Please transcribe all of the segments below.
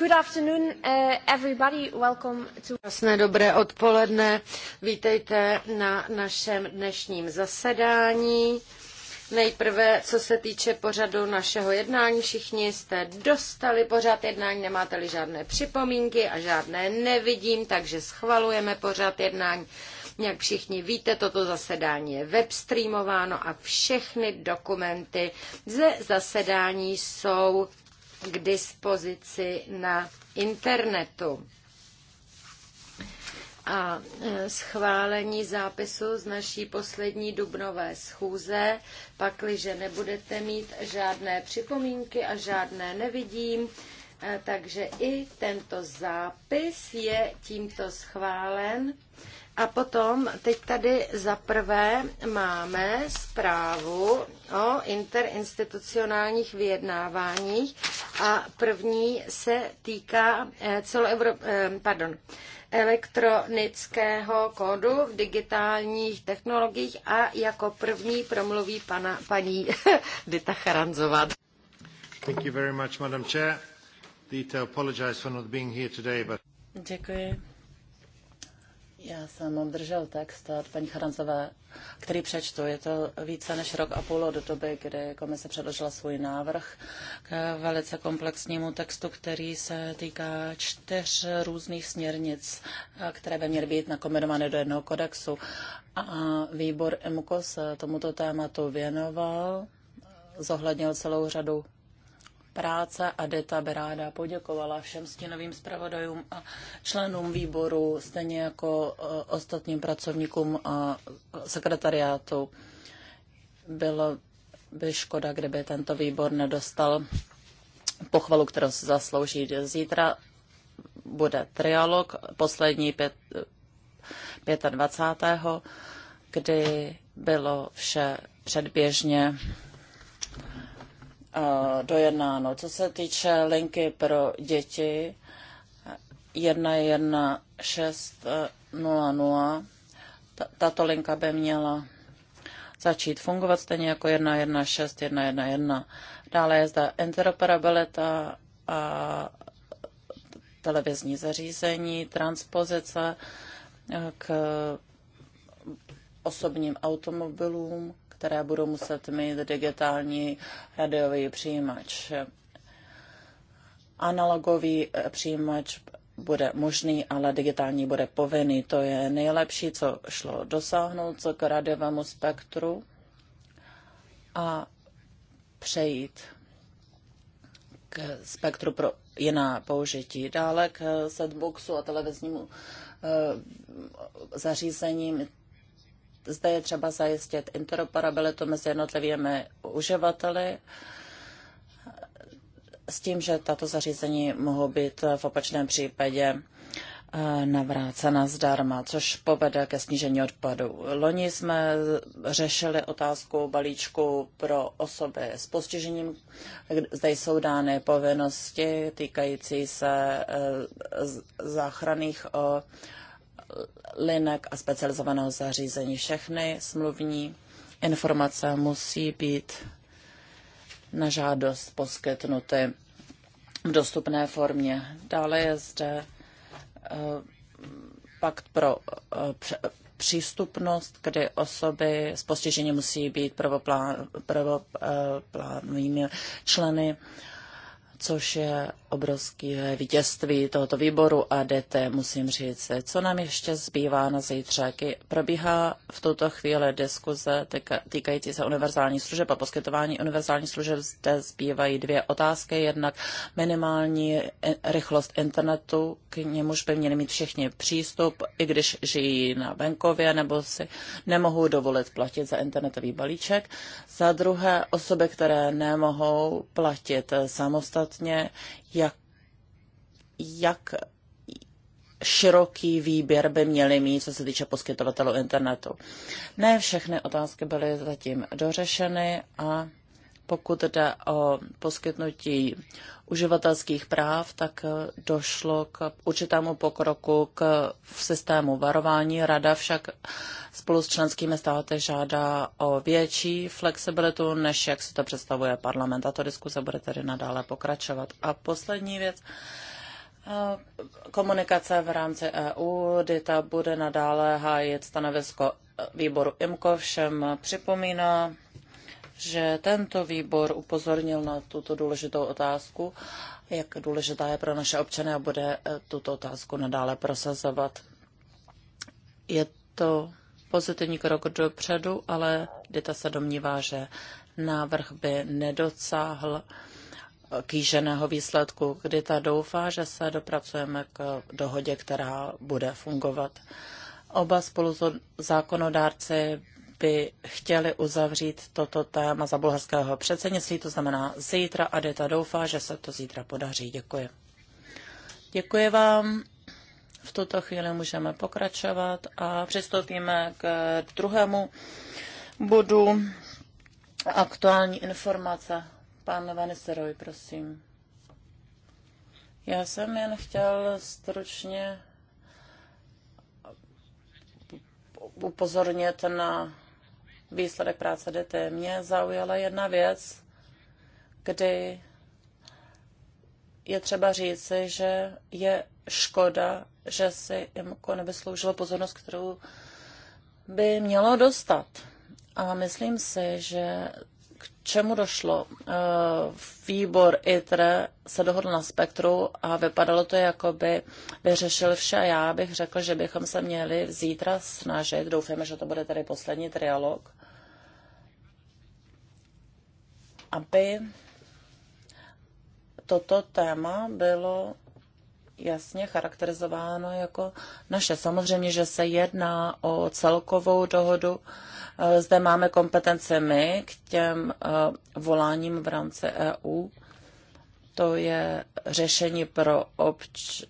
Uh, Krásné dobré odpoledne. Vítejte na našem dnešním zasedání. Nejprve, co se týče pořadu našeho jednání, všichni jste dostali pořad jednání, nemáte-li žádné připomínky a žádné nevidím, takže schvalujeme pořad jednání. Jak všichni víte, toto zasedání je webstreamováno a všechny dokumenty ze zasedání jsou k dispozici na internetu. A e, schválení zápisu z naší poslední dubnové schůze, pakliže nebudete mít žádné připomínky a žádné nevidím, e, takže i tento zápis je tímto schválen a potom teď tady zaprvé máme zprávu o interinstitucionálních vyjednáváních a první se týká eh, celoevro... Eh, pardon, elektronického kódu v digitálních technologiích a jako první promluví pana, paní Dita Charanzová. Thank you very much, Madam Chair. Dita, apologize for not being here today, but... Děkuji, já jsem obdržel text od paní Charanzové, který přečtu. Je to více než rok a půl od doby, kdy komise předložila svůj návrh k velice komplexnímu textu, který se týká čtyř různých směrnic, které by měly být nakombinovány do jednoho kodexu. A výbor EMKO se tomuto tématu věnoval, zohlednil celou řadu práce a Deta by ráda poděkovala všem stěnovým zpravodajům a členům výboru, stejně jako e, ostatním pracovníkům a sekretariátu. Bylo by škoda, kdyby tento výbor nedostal pochvalu, kterou si zaslouží. Zítra bude trialog, poslední pět, 25. kdy bylo vše předběžně Eh, dojednáno. Co se týče linky pro děti 11600, eh, tato linka by měla začít fungovat stejně jako 116.111. Dále je zde interoperabilita a televizní zařízení, transpozice eh, k osobním automobilům které budou muset mít digitální radiový přijímač. Analogový přijímač bude možný, ale digitální bude povinný. To je nejlepší, co šlo dosáhnout k radiovému spektru a přejít k spektru pro jiná použití. Dále k setboxu a televiznímu eh, zařízením zde je třeba zajistit interoperabilitu mezi jednotlivými uživateli s tím, že tato zařízení mohou být v opačném případě eh, navrácena zdarma, což povede ke snížení odpadu. Loni jsme řešili otázku balíčku pro osoby s postižením. Zde jsou dány povinnosti týkající se eh, záchranných eh, linek a specializovaného zařízení. Všechny smluvní informace musí být na žádost poskytnuty v dostupné formě. Dále je zde eh, pakt pro eh, přístupnost, kdy osoby s postižením musí být prvoplán, členy, což je obrovské vítězství tohoto výboru a DT, musím říct. Co nám ještě zbývá na zítřek? Probíhá v tuto chvíli diskuze týkající se univerzální služeb a poskytování univerzální služeb. Zde zbývají dvě otázky. Jednak minimální eh, rychlost internetu, k němuž by měli mít všichni přístup, i když žijí na venkově nebo si nemohou dovolit platit za internetový balíček. Za druhé, osoby, které nemohou platit eh, samostatně, jak, jak široký výběr by měly mít, co se týče poskytovatelů internetu. Ne všechny otázky byly zatím dořešeny a pokud jde o poskytnutí uživatelských práv, tak došlo k určitému pokroku k v systému varování. Rada však spolu s členskými státy žádá o větší flexibilitu, než jak si to představuje parlament. Tato diskuse bude tedy nadále pokračovat. A poslední věc. Eh, komunikace v rámci EU. Dita bude nadále hájit stanovisko výboru IMCO. Všem připomíná, že tento výbor upozornil na tuto důležitou otázku, jak důležitá je pro naše občany a bude eh, tuto otázku nadále prosazovat. Je to pozitivní krok dopředu, ale Dita se domnívá, že návrh by nedocáhl eh, kýženého výsledku, kdy ta doufá, že se dopracujeme k dohodě, která bude fungovat. Oba spolu zákonodárci by chtěli uzavřít toto téma za bulharského předsednictví, to znamená zítra a Deta doufá, že se to zítra podaří. Děkuji. Děkuji vám. V tuto chvíli můžeme pokračovat a přistoupíme k druhému bodu aktuální informace. Pán Vanisteroj, prosím. Já jsem jen chtěl stručně upozornit na výsledek práce DT. Mě zaujala jedna věc, kdy je třeba říci, že je škoda, že si IMCO nevysloužilo pozornost, kterou by mělo dostat. A myslím si, že k čemu došlo? Eh, výbor ITRE se dohodl na spektru a vypadalo to, jako by vyřešil vše. Já bych řekl, že bychom se měli zítra snažit, doufáme, že to bude tady poslední trialog, aby toto téma bylo jasně charakterizováno jako naše. Samozřejmě, že se jedná o celkovou dohodu. Eh, zde máme kompetence my k těm eh, voláním v rámci EU. To je řešení pro obč-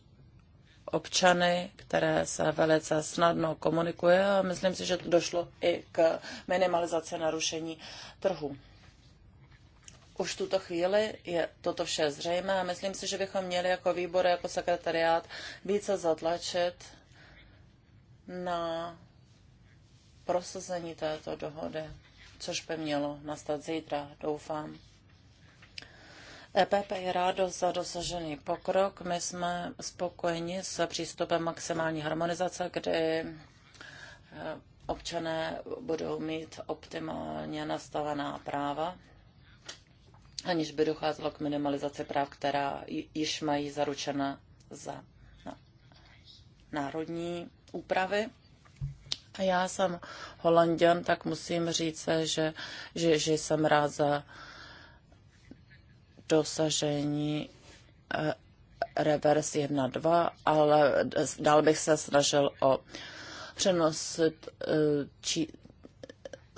občany, které se velice snadno komunikuje a myslím si, že to došlo i k minimalizaci narušení trhu už v tuto chvíli je toto vše zřejmé a myslím si, že bychom měli jako výbor, jako sekretariát více zatlačit na prosazení této dohody, což by mělo nastat zítra, doufám. EPP je rádo za dosažený pokrok. My jsme spokojeni s přístupem maximální harmonizace, kdy e, občané budou mít optimálně nastavená práva aniž by docházelo k minimalizaci práv, která již mají zaručena za národní úpravy. A já jsem holanděn, tak musím říct, že, že, že jsem rád za dosažení eh, reverse 1.2, ale dál bych se snažil o přenos eh, či,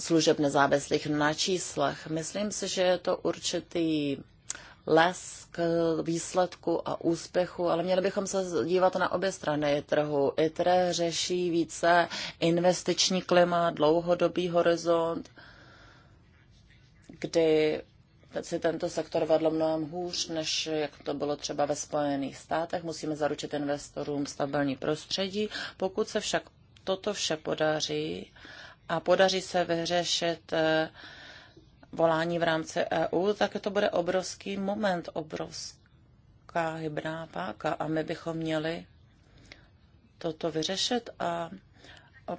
služeb nezávislých na číslech. Myslím si, že je to určitý les k výsledku a úspěchu, ale měli bychom se dívat na obě strany trhu. ITRE řeší více investiční klima, dlouhodobý horizont, kdy si tento sektor vedl mnohem hůř, než jak to bylo třeba ve Spojených státech. Musíme zaručit investorům stabilní prostředí. Pokud se však toto vše podaří a podaří se vyřešit eh, volání v rámci EU, tak to bude obrovský moment, obrovská hybná páka a my bychom měli toto vyřešit a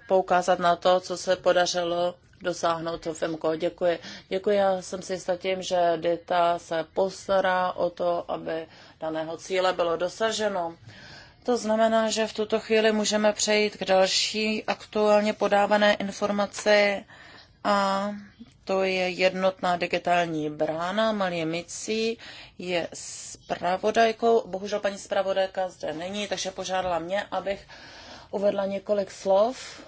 poukázat na to, co se podařilo dosáhnout to FEMKO. Děkuji. Děkuji, já jsem si jistá tím, že DITA se postará o to, aby daného cíle bylo dosaženo. To znamená, že v tuto chvíli můžeme přejít k další aktuálně podávané informaci a to je jednotná digitální brána. Malie Micí je zpravodajkou. Bohužel paní zpravodajka zde není, takže požádala mě, abych uvedla několik slov.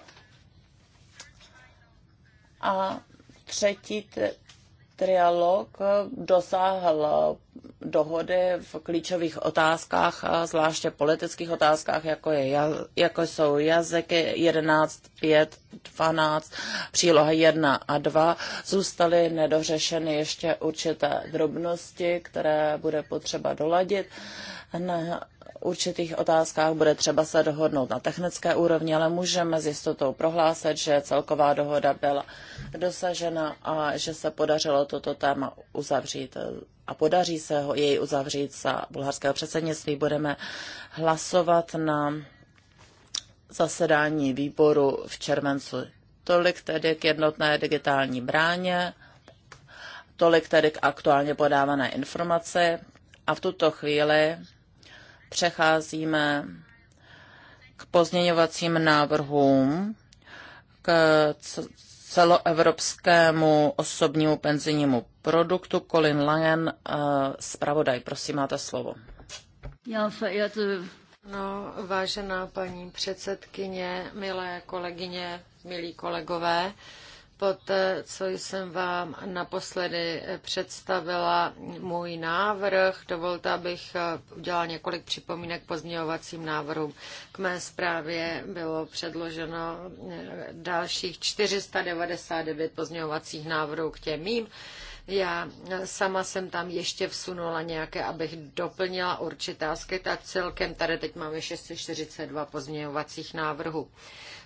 A třetí trialog dosáhl dohody v klíčových otázkách, zvláště politických otázkách, jako, je, jako jsou jazyky 11, 5, 12, příloha 1 a 2. Zůstaly nedořešeny ještě určité drobnosti, které bude potřeba doladit. Na určitých otázkách bude třeba se dohodnout na technické úrovni, ale můžeme s jistotou prohlásit, že celková dohoda byla dosažena a že se podařilo toto téma uzavřít a podaří se ho jej uzavřít za bulharského předsednictví. Budeme hlasovat na zasedání výboru v červencu. Tolik tedy k jednotné digitální bráně, tolik tedy k aktuálně podávané informaci a v tuto chvíli přecházíme k pozměňovacím návrhům k celoevropskému osobnímu penzijnímu produktu. Colin Langen, eh, zpravodaj, prosím, máte slovo. Já se, já to... No, vážená paní předsedkyně, milé kolegyně, milí kolegové, Poté, eh, co jsem vám naposledy eh, představila můj návrh, dovolte, abych eh, udělala několik připomínek pozměňovacím návrhům. K mé zprávě bylo předloženo dalších 499 pozměňovacích návrhů k těm mým. Já sama jsem tam ještě vsunula nějaké, abych doplnila určitá asky, celkem tady teď máme 642 pozměňovacích návrhů.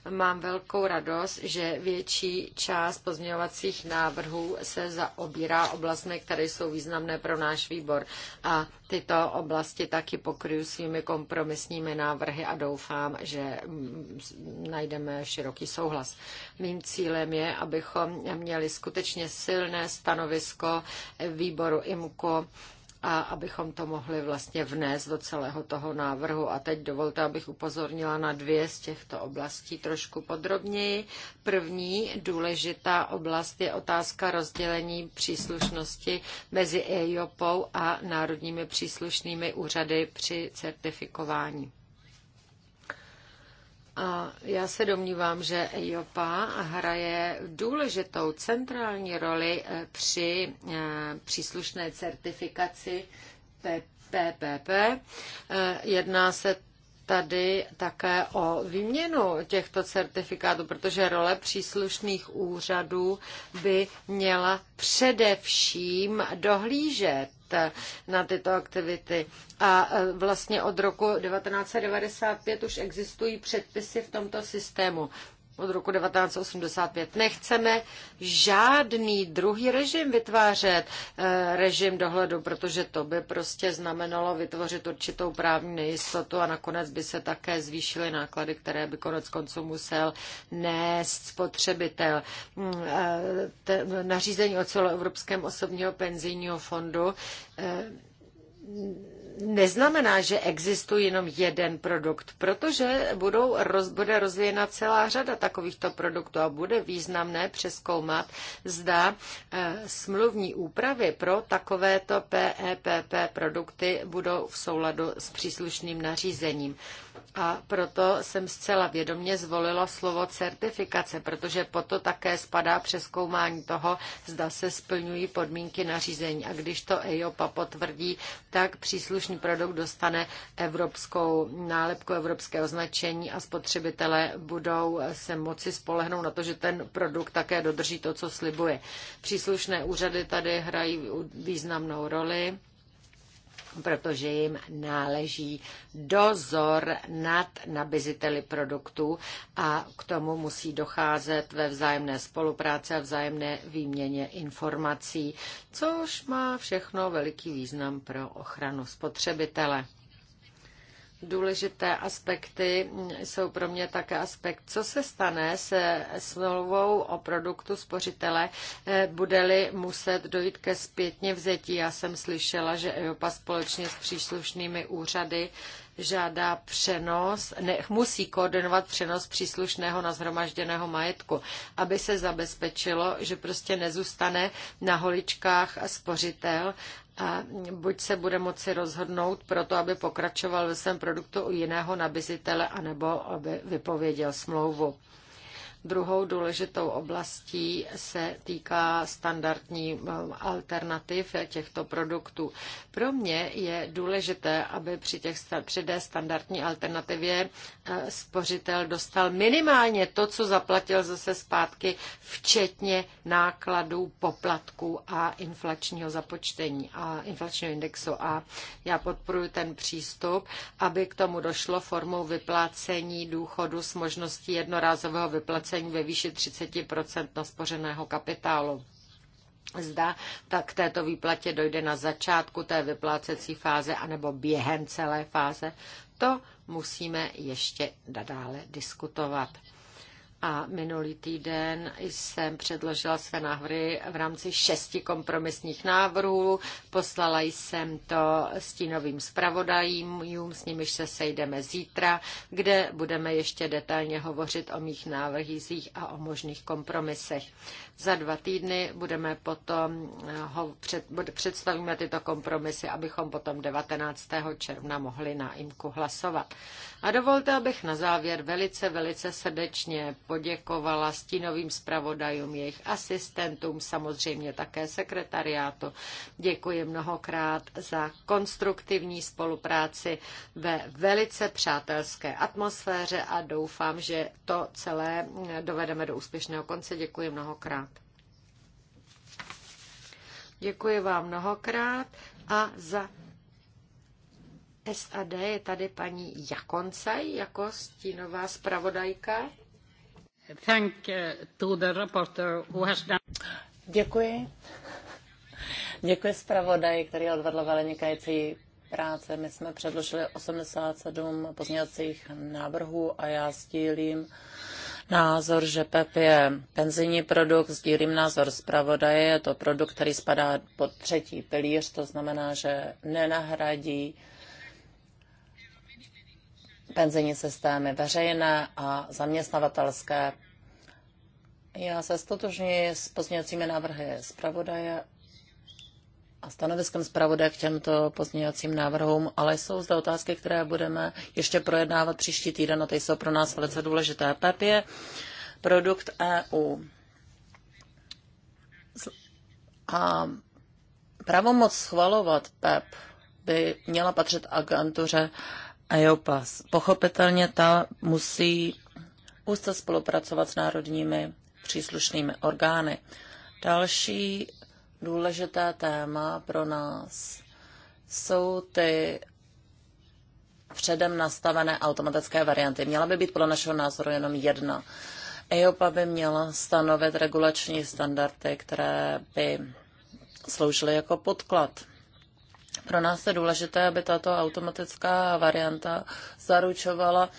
Mám velkou radost, že větší část pozměňovacích návrhů se zaobírá oblastmi, které jsou významné pro náš výbor. A tyto oblasti taky pokryju svými kompromisními návrhy a doufám, že mm, najdeme široký souhlas. Mým cílem je, abychom měli skutečně silné stanovisko výboru IMCO a abychom to mohli vlastně vnést do celého toho návrhu. A teď dovolte, abych upozornila na dvě z těchto oblastí trošku podrobněji. První důležitá oblast je otázka rozdělení příslušnosti mezi EIOPou a národními příslušnými úřady při certifikování. A já se domnívám, že EIOPA hraje důležitou centrální roli eh, při eh, příslušné certifikaci PPP. Eh, jedná se tady také o výměnu těchto certifikátů, protože role příslušných úřadů by měla především dohlížet na tyto aktivity. A e, vlastně od roku 1995 už existují předpisy v tomto systému od roku 1985. Nechceme žádný druhý režim vytvářet, eh, režim dohledu, protože to by prostě znamenalo vytvořit určitou právní nejistotu a nakonec by se také zvýšily náklady, které by konec konců musel nést spotřebitel. Mm, eh, nařízení o celoevropském osobního penzijního fondu eh, neznamená, že existuje jenom jeden produkt, protože budou, roz, bude rozvíjena celá řada takovýchto produktů a bude významné přeskoumat, zda e, smluvní úpravy pro takovéto PEPP e produkty budou v souladu s příslušným nařízením. A proto jsem zcela vědomě zvolila slovo certifikace, protože to také spadá přeskoumání toho, zda se splňují podmínky nařízení. A když to EIOPA potvrdí, tak příslušný produkt dostane evropskou nálepku, evropské označení a spotřebitelé budou se moci spolehnout na to, že ten produkt také dodrží to, co slibuje. Příslušné úřady tady hrají významnou roli protože jim náleží dozor nad nabiziteli produktů a k tomu musí docházet ve vzájemné spolupráci a vzájemné výměně informací, což má všechno veliký význam pro ochranu spotřebitele důležité aspekty jsou pro mě také aspekt, co se stane se smlouvou o produktu spořitele, eh, bude-li muset dojít ke zpětně vzetí. Já jsem slyšela, že EOPA společně s příslušnými úřady žádá přenos, ne, musí koordinovat přenos příslušného na zhromažděného majetku, aby se zabezpečilo, že prostě nezůstane na holičkách spořitel a buď se bude moci rozhodnout pro to, aby pokračoval ve svém produktu u jiného nabizitele, anebo aby vypověděl smlouvu. Druhou důležitou oblastí se týká standardní eh, alternativ těchto produktů. Pro mě je důležité, aby při těch 3D standardní alternativě eh, spořitel dostal minimálně to, co zaplatil zase zpátky, včetně nákladů, poplatků a inflačního započtení a inflačního indexu. A já podporuji ten přístup, aby k tomu došlo formou vyplácení důchodu s možností jednorázového vyplácení placení ve výši 30 naspořeného kapitálu. Zda tak k této výplatě dojde na začátku té vyplácecí fáze anebo během celé fáze, to musíme ještě nadále diskutovat a minulý týden jsem předložila své návrhy v rámci šesti kompromisních návrhů. Poslala jsem to stínovým zpravodajům, s nimiž se sejdeme zítra, kde budeme ještě detailně hovořit o mých návrhích a o možných kompromisech. Za dva týdny budeme potom eh, ho před, představíme tyto kompromisy, abychom potom 19. června mohli na IMKU hlasovat. A dovolte, abych na závěr velice, velice srdečně poděkovala stínovým zpravodajům, jejich asistentům, samozřejmě také sekretariátu. Děkuji mnohokrát za konstruktivní spolupráci ve velice přátelské atmosféře a doufám, že to celé dovedeme do úspěšného konce. Děkuji mnohokrát. Děkuji vám mnohokrát a za SAD je tady paní Jakoncaj jako stínová zpravodajka. Uh, Děkuji. Děkuji zpravodaji, který odvedl vynikající práci. My jsme předložili 87 pozměňovacích návrhů a já sdílím názor, že PEP je penzijní produkt, sdílím názor zpravodaje, je to produkt, který spadá pod třetí pilíř, to znamená, že nenahradí penzijní systémy, veřejné a zaměstnavatelské. Já se stotožňuji s pozměňovacími návrhy zpravodaje a stanoviskem zpravodaje k těmto pozměňovacím návrhům, ale jsou zde otázky, které budeme ještě projednávat příští týden a ty jsou pro nás velice důležité. PEP je produkt EU. A pravomoc schvalovat PEP by měla patřit agentuře pas. Pochopitelně ta musí úzce spolupracovat s národními příslušnými orgány. Další důležité téma pro nás jsou ty předem nastavené automatické varianty. Měla by být podle našeho názoru jenom jedna. EOPA by měla stanovit regulační standardy, které by sloužily jako podklad pro nás je důležité, aby tato automatická varianta zaručovala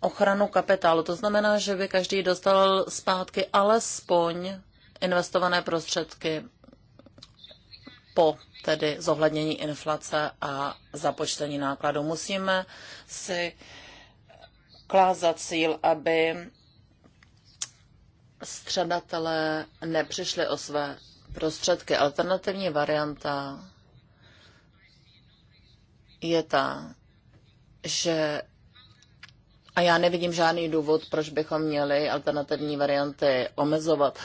ochranu kapitálu. To znamená, že by každý dostal zpátky alespoň investované prostředky po tedy zohlednění inflace a započtení nákladů. Musíme si klást za cíl, aby střadatelé nepřišli o své prostředky. Alternativní varianta je ta, že a já nevidím žádný důvod, proč bychom měli alternativní varianty omezovat.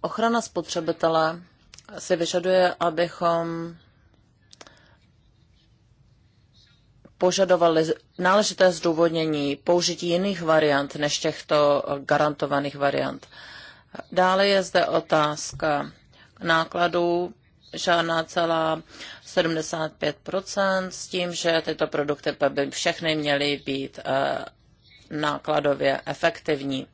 Ochrana spotřebitele si vyžaduje, abychom požadovali náležité zdůvodnění použití jiných variant než těchto garantovaných variant. Dále je zde otázka nákladů žádná celá 75% s tím, že tyto produkty by všechny měly být eh, nákladově efektivní.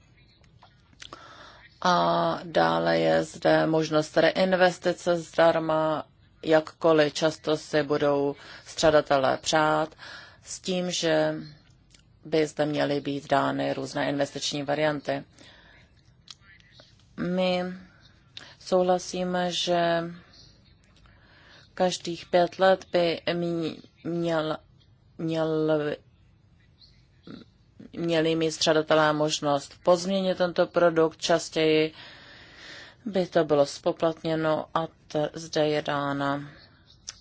A dále je zde možnost reinvestice zdarma, jakkoliv často si budou střadatelé přát, s tím, že by zde měly být dány různé investiční varianty. My souhlasíme, že Každých pět let by měl, měl, měli mít střadatelé možnost pozměnit tento produkt častěji, by to bylo spoplatněno a t- zde je dána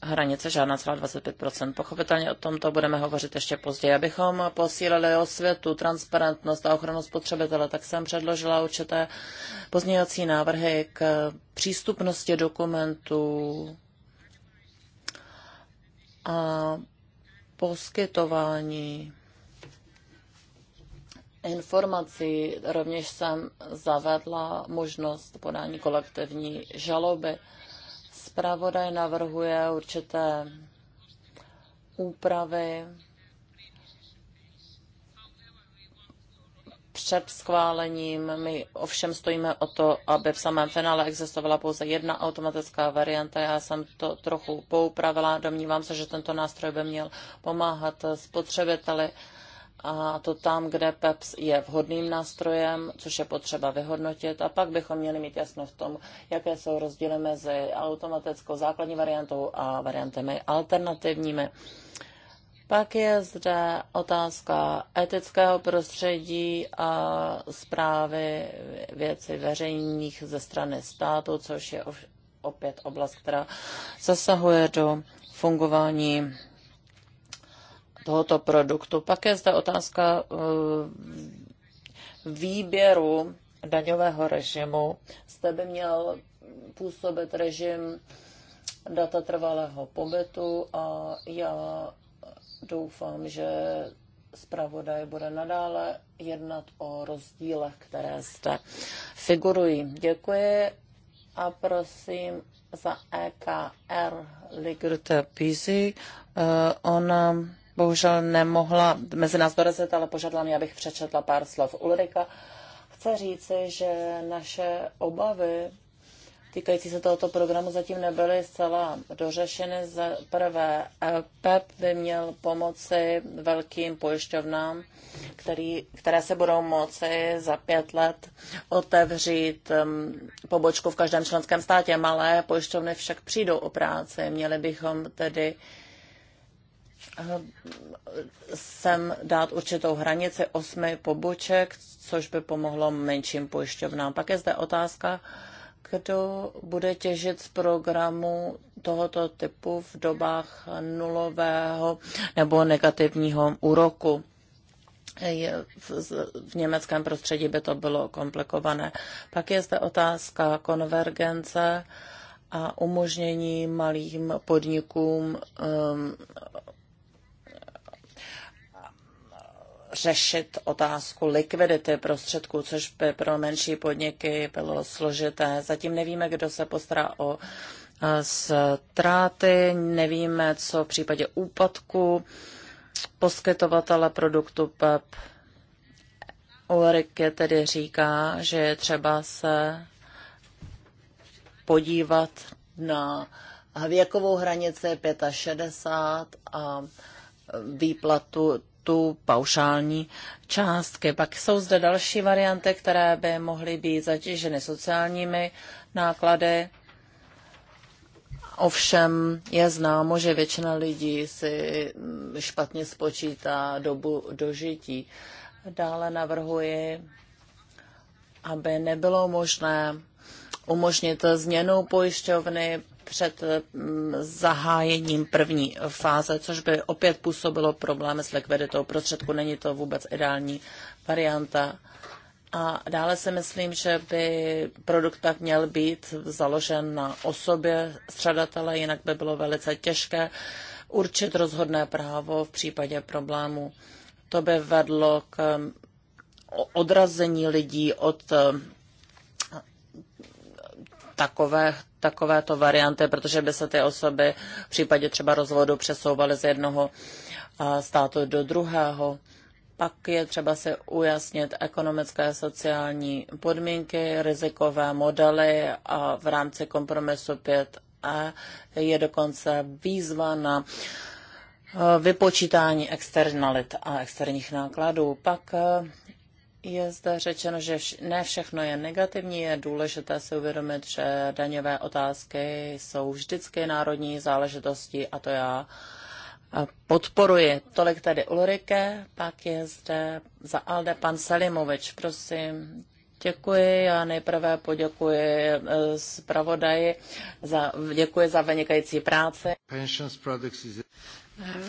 hranice žádná celá 25%. Pochopitelně o tomto budeme hovořit ještě později. Abychom posílili osvětu, transparentnost a ochranu spotřebitele, tak jsem předložila určité pozměňovací návrhy k přístupnosti dokumentů, a poskytování informací. Rovněž jsem zavedla možnost podání kolektivní žaloby. Zpravodaj navrhuje určité úpravy před schválením. My ovšem stojíme o to, aby v samém finále existovala pouze jedna automatická varianta. Já jsem to trochu poupravila. Domnívám se, že tento nástroj by měl pomáhat spotřebiteli a to tam, kde PEPS je vhodným nástrojem, což je potřeba vyhodnotit. A pak bychom měli mít jasno v tom, jaké jsou rozdíly mezi automatickou základní variantou a variantami alternativními. Pak je zde otázka etického prostředí a zprávy věci veřejných ze strany státu, což je opět oblast, která zasahuje do fungování tohoto produktu. Pak je zde otázka eh, výběru daňového režimu. Zde by měl působit režim data trvalého pobytu a já Doufám, že zpravodaj bude nadále jednat o rozdílech, které zde figurují. Děkuji a prosím za EKR Ligrte Pizzi. Eh, ona bohužel nemohla mezi nás dorazit, ale požádala mě, abych přečetla pár slov. Ulrika chce říci, že naše obavy týkající se tohoto programu zatím nebyly zcela dořešeny. Za prvé, eh, PEP by měl pomoci velkým pojišťovnám, který, které se budou moci za pět let otevřít um, pobočku v každém členském státě. Malé pojišťovny však přijdou o práci. Měli bychom tedy eh, sem dát určitou hranici osmi poboček, což by pomohlo menším pojišťovnám. Pak je zde otázka, uh, kdo bude těžit z programu tohoto typu v dobách nulového nebo negativního úroku. V německém prostředí by to bylo komplikované. Pak je zde otázka konvergence a umožnění malým podnikům um, řešit otázku likvidity prostředků, což by pro menší podniky bylo složité. Zatím nevíme, kdo se postará o e, ztráty, nevíme, co v případě úpadku poskytovatele produktu PEP. Ulrike tedy říká, že je třeba se podívat na věkovou hranici 65 a výplatu tu paušální částky. Pak jsou zde další varianty, které by mohly být zatíženy sociálními náklady. Ovšem je známo, že většina lidí si špatně spočítá dobu dožití. Dále navrhuji, aby nebylo možné umožnit změnu pojišťovny před eh, zahájením první fáze, což by opět působilo problémy s likviditou prostředku. Není to vůbec ideální varianta. A dále si myslím, že by produkt tak měl být založen na osobě střadatele, jinak by bylo velice těžké určit rozhodné právo v případě problému. To by vedlo k eh, odrazení lidí od eh, takové, takovéto varianty, protože by se ty osoby v případě třeba rozvodu přesouvaly z jednoho eh, státu do druhého. Pak je třeba se ujasnit ekonomické a sociální podmínky, rizikové modely a v rámci kompromisu 5a e je dokonce výzva na eh, vypočítání externalit a externích nákladů. Pak eh, je zde řečeno, že ne všechno je negativní, je důležité si uvědomit, že daňové otázky jsou vždycky národní záležitosti a to já eh, podporuji. Tolik tady Ulrike, pak je zde za Alde pan Selimovič, prosím. Děkuji, já nejprve poděkuji eh, zpravodaji, za, děkuji za vynikající práci.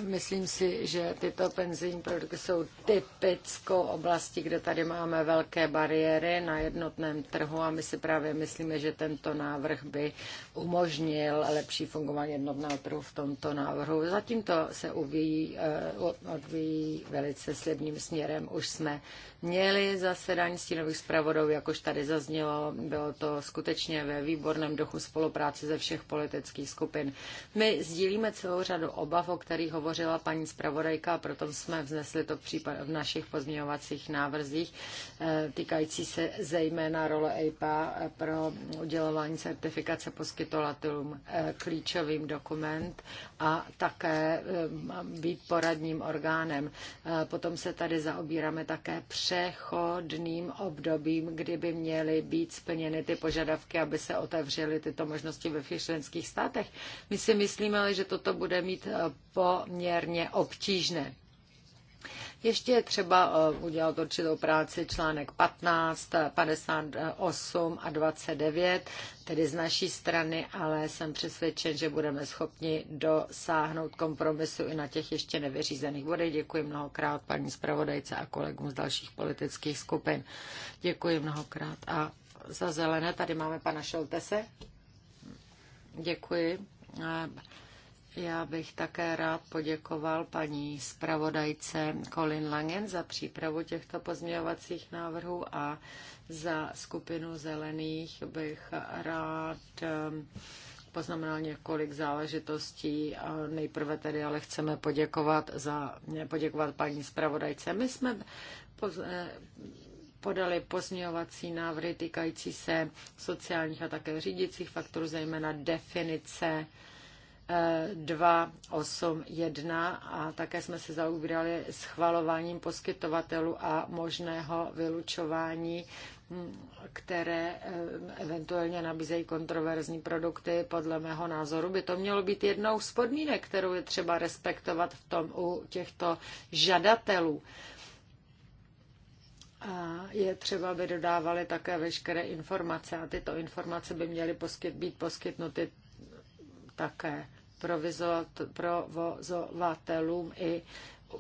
Myslím si, že tyto penzijní produkty jsou typickou oblasti, kde tady máme velké bariéry na jednotném trhu a my si právě myslíme, že tento návrh by umožnil lepší fungování jednotného trhu v tomto návrhu. Zatím to se uvíjí, eh, odvíjí velice slibným směrem. Už jsme měli zasedání stínových zpravodů, jak už tady zaznělo, bylo to skutečně ve výborném duchu spolupráce ze všech politických skupin. My sdílíme celou řadu obav, o které který hovořila paní zpravodajka, a proto jsme vznesli to případ v našich pozměňovacích návrzích, eh, týkající se zejména role EIPA pro udělování certifikace poskytovatelům. Eh, klíčovým dokument a také eh, být poradním orgánem. Eh, potom se tady zaobíráme také přechodným obdobím, kdyby měly být splněny ty požadavky, aby se otevřely tyto možnosti ve všech členských státech. My si myslíme, že toto bude mít eh, poměrně obtížné. Ještě je třeba eh, udělat určitou práci článek 15, 58 a 29, tedy z naší strany, ale jsem přesvědčen, že budeme schopni dosáhnout kompromisu i na těch ještě nevyřízených bodech. Děkuji mnohokrát paní zpravodajce a kolegům z dalších politických skupin. Děkuji mnohokrát a za zelené tady máme pana Šoltese. Děkuji. Já bych také rád poděkoval paní zpravodajce Colin Langen za přípravu těchto pozměňovacích návrhů a za skupinu zelených bych rád ehm, poznamenal několik záležitostí. Nejprve tedy ale chceme poděkovat, za, eh, poděkovat paní zpravodajce. My jsme eh, poz, eh, podali pozměňovací návrhy týkající se sociálních a také řídicích faktorů, zejména definice 281 e, a také jsme se zaubírali schvalováním poskytovatelů a možného vylučování, hm, které e, eventuálně nabízejí kontroverzní produkty. Podle mého názoru by to mělo být jednou z podmínek, kterou je třeba respektovat v tom u těchto žadatelů. A je třeba, aby dodávali také veškeré informace a tyto informace by měly poskyt, být poskytnuty také provozovatelům i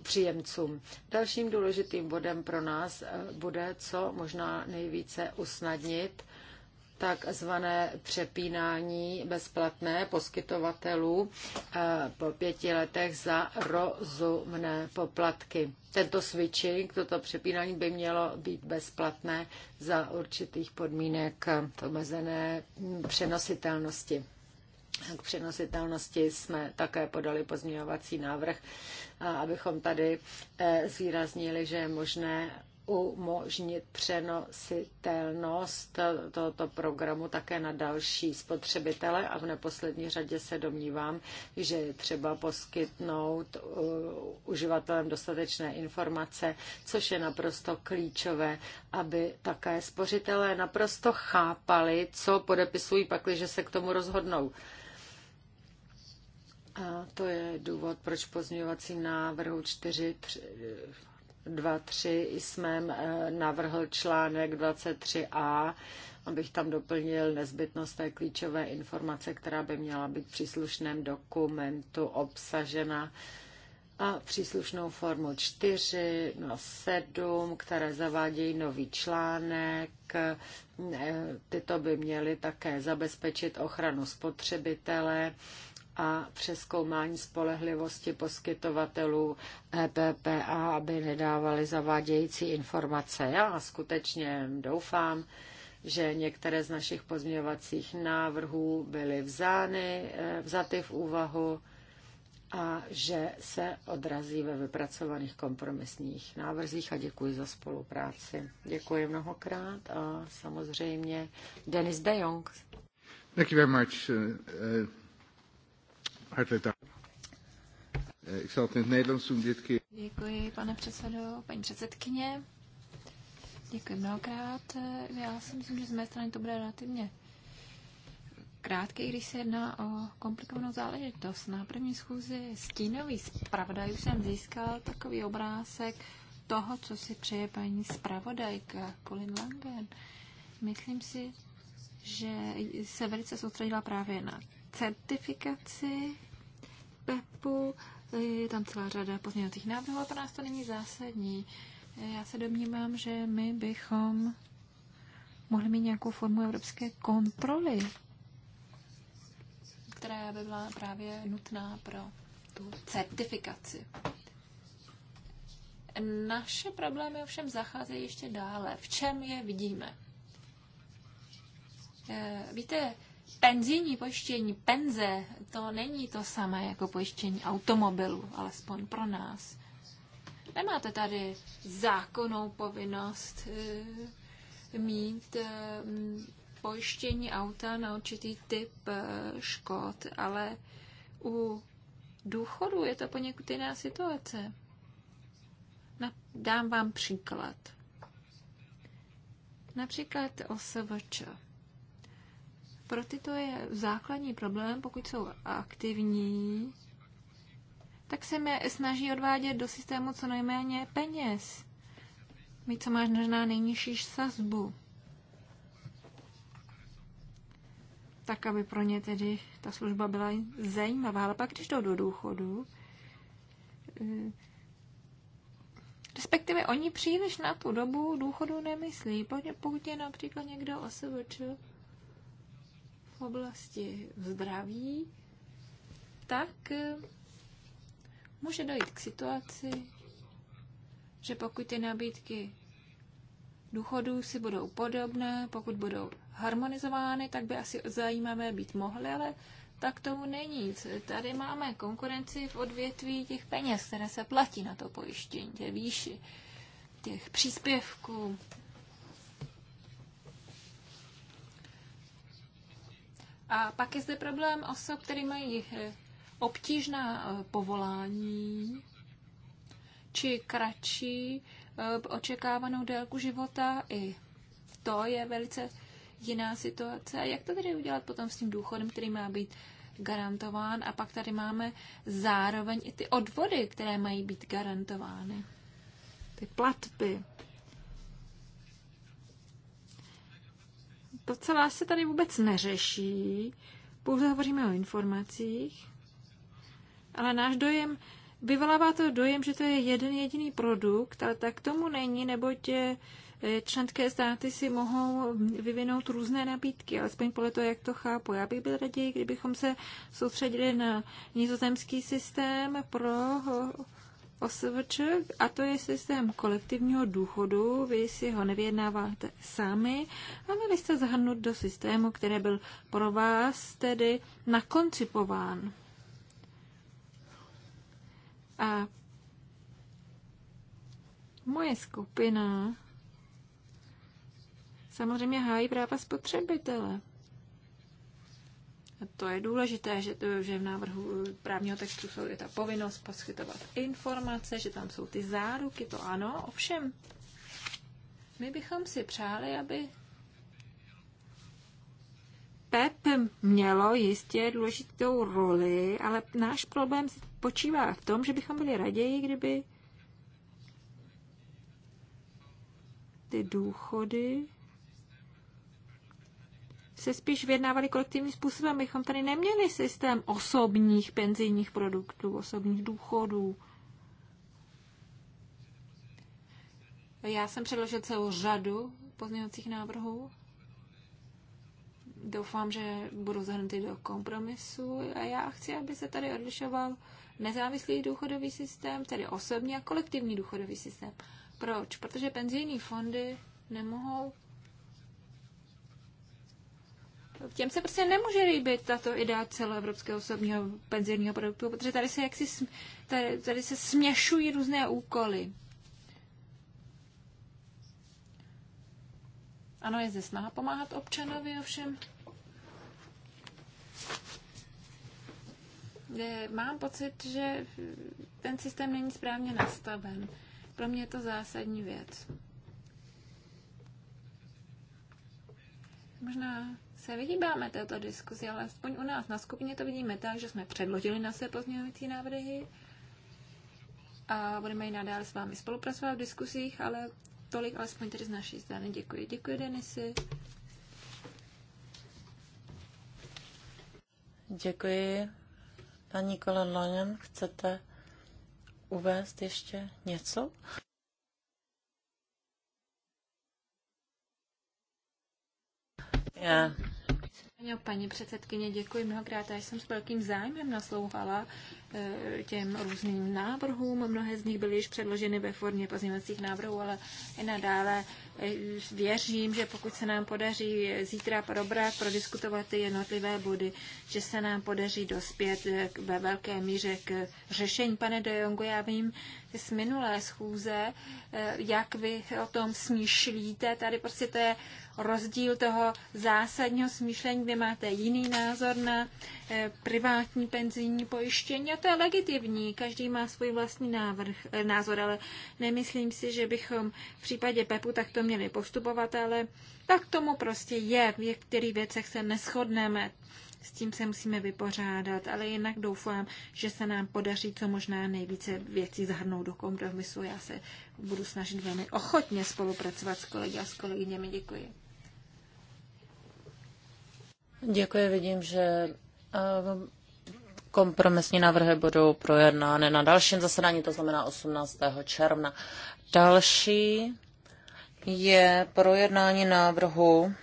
příjemcům. Dalším důležitým bodem pro nás eh, bude co možná nejvíce usnadnit takzvané přepínání bezplatné poskytovatelů eh, po pěti letech za rozumné poplatky. Tento switching, toto přepínání by mělo být bezplatné za určitých podmínek omezené přenositelnosti. K přenositelnosti jsme také podali pozměňovací návrh, abychom tady e, zvýraznili, že je možné umožnit přenositelnost e, tohoto programu také na další spotřebitele a v neposlední řadě se domnívám, že je třeba poskytnout e, uživatelem dostatečné informace, což je naprosto klíčové, aby také spořitelé naprosto chápali, co podepisují pakliže se k tomu rozhodnou. A to je důvod, proč v pozměňovacím návrhu 4, 3, 2, 3 jsme eh, navrhl článek 23a, abych tam doplnil nezbytnost té klíčové informace, která by měla být v příslušném dokumentu obsažena a příslušnou formu 4 na 7, které zavádějí nový článek. Eh, tyto by měly také zabezpečit ochranu spotřebitele a přeskoumání spolehlivosti poskytovatelů EPPA, aby nedávali zavádějící informace. Já skutečně doufám, že některé z našich pozměňovacích návrhů byly vzány, eh, vzaty v úvahu a že se odrazí ve vypracovaných kompromisních návrzích a děkuji za spolupráci. Děkuji mnohokrát a samozřejmě Denis de Jong. Thank you very much. Uh, uh... Hartelijk dank. Eh, ik zal het in het Nederlands doen dit keer. Děkuji, pane předsedo, paní předsedkyně. Děkuji mnohokrát. Eh, já si myslím, že z mé strany to bude relativně krátké, když se jedná o komplikovanou záležitost. Na první schůzi stínový už jsem získal takový obrázek toho, co si přeje paní zpravodajka Colin Langen. Myslím si, že se velice soustředila právě na certifikaci PEPu. Je tam celá řada pozměňovacích návrhů, ale pro nás to není zásadní. Já se domnívám, že my bychom mohli mít nějakou formu evropské kontroly, která by byla právě nutná pro tu certifikaci. Naše problémy ovšem zacházejí ještě dále. V čem je vidíme? Eh, víte, penzijní pojištění, penze, to není to samé jako pojištění automobilu, alespoň pro nás. Nemáte tady zákonnou povinnost eh, mít eh, pojištění auta na určitý typ eh, škod, ale u důchodu je to poněkud jiná situace. Dám vám příklad. Například OSVČ. Pro ty to je základní problém, pokud jsou aktivní, tak se mě snaží odvádět do systému co nejméně peněz. My co máš možná nejnižší sazbu. Tak, aby pro ně tedy ta služba byla zajímavá. Ale pak, když jdou do důchodu, eh, respektive oni příliš na tu dobu důchodu nemyslí. Pokud je například někdo osvč, v oblasti zdraví, tak eh, může dojít k situaci, že pokud ty nabídky důchodů si budou podobné, pokud budou harmonizovány, tak by asi zajímavé být mohly, ale tak tomu není. Tady máme konkurenci v odvětví těch peněz, které se platí na to pojištění, těch výši, těch příspěvků, A pak je zde problém osob, které mají eh, obtížná eh, povolání či kratší eh, očekávanou délku života. I to je velice jiná situace. A jak to tedy udělat potom s tím důchodem, který má být garantován? A pak tady máme zároveň i ty odvody, které mají být garantovány. Ty platby. To celá se tady vůbec neřeší, pouze hovoříme o informacích, ale náš dojem, vyvolává to dojem, že to je jeden jediný produkt, ale tak tomu není, neboť eh, členské státy si mohou vyvinout různé nabídky, alespoň podle toho, jak to chápu. Já bych byl raději, kdybychom se soustředili na nizozemský systém pro OSVČ a to je systém kolektivního důchodu. Vy si ho nevyjednáváte sami a měli jste zahrnout do systému, který byl pro vás tedy nakoncipován. A moje skupina samozřejmě hájí práva spotřebitele. To je důležité, že, že v návrhu právního textu jsou je ta povinnost poskytovat informace, že tam jsou ty záruky, to ano. Ovšem, my bychom si přáli, aby PEP mělo jistě důležitou roli, ale náš problém počívá v tom, že bychom byli raději, kdyby ty důchody se spíš vyjednávali kolektivním způsobem. Bychom tady neměli systém osobních penzijních produktů, osobních důchodů. Já jsem předložil celou řadu pozměňovacích návrhů. Doufám, že budou zahrnuty do kompromisu a já chci, aby se tady odlišoval nezávislý důchodový systém, tedy osobní a kolektivní důchodový systém. Proč? Protože penzijní fondy nemohou těm se prostě nemůže líbit tato idea celoevropského osobního penzijního produktu, protože tady se jaksi tady, tady se směšují různé úkoly. Ano, je zde snaha pomáhat občanovi, ovšem. Mám pocit, že ten systém není správně nastaven. Pro mě je to zásadní věc. Možná se vyhýbáme této diskuzi, ale aspoň u nás na skupině to vidíme tak, že jsme předložili na své pozměňovací návrhy a budeme i nadále s vámi spolupracovat v diskusích, ale tolik alespoň tedy z naší strany. Děkuji. Děkuji, Denisy. Děkuji. Paní Kolen chcete uvést ještě něco? Já paní předsedkyně, děkuji mnohokrát. Já jsem s velkým zájmem naslouchala Eh, těm různým návrhům. Mnohé z nich byly již předloženy ve formě pozměňovacích návrhů, ale i nadále eh, věřím, že pokud se nám podaří zítra probrat, prodiskutovat ty jednotlivé body, že se nám podaří dospět eh, ve velké míře k řešení. Pane De Jongu, já vím z minulé schůze, jak vy o tom smýšlíte. Tady prostě to je rozdíl toho zásadního smýšlení, kde máte jiný názor na Eh, privátní penzijní pojištění a to je legitimní. Každý má svůj vlastní návrh, eh, názor, ale nemyslím si, že bychom v případě PEPu takto měli postupovat, ale tak tomu prostě je. V některých věcech se neschodneme. S tím se musíme vypořádat, ale jinak doufám, že se nám podaří co možná nejvíce věcí zahrnout do kompromisu. Já se budu snažit velmi ochotně spolupracovat s kolegy a s kolegyněmi. Děkuji. Děkuji, vidím, že Eh, kompromisní návrhy budou projednány na dalším zasedání, to znamená 18. června. Další je projednání návrhu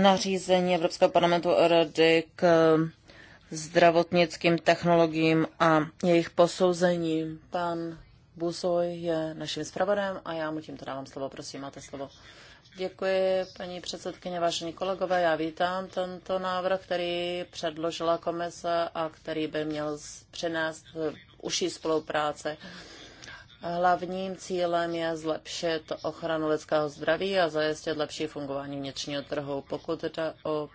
nařízení Evropského parlamentu a rady k zdravotnickým technologiím a jejich posouzením. Pan Busoj je naším zpravodajem a já mu tímto dávám slovo. Prosím, máte slovo. Děkuji, paní předsedkyně, vážení kolegové. Já vítám tento návrh, který předložila komise a který by měl přinést eh, užší spolupráce. Hlavním cílem je zlepšit ochranu lidského zdraví a zajistit lepší fungování vnitřního trhu. Pokud jde o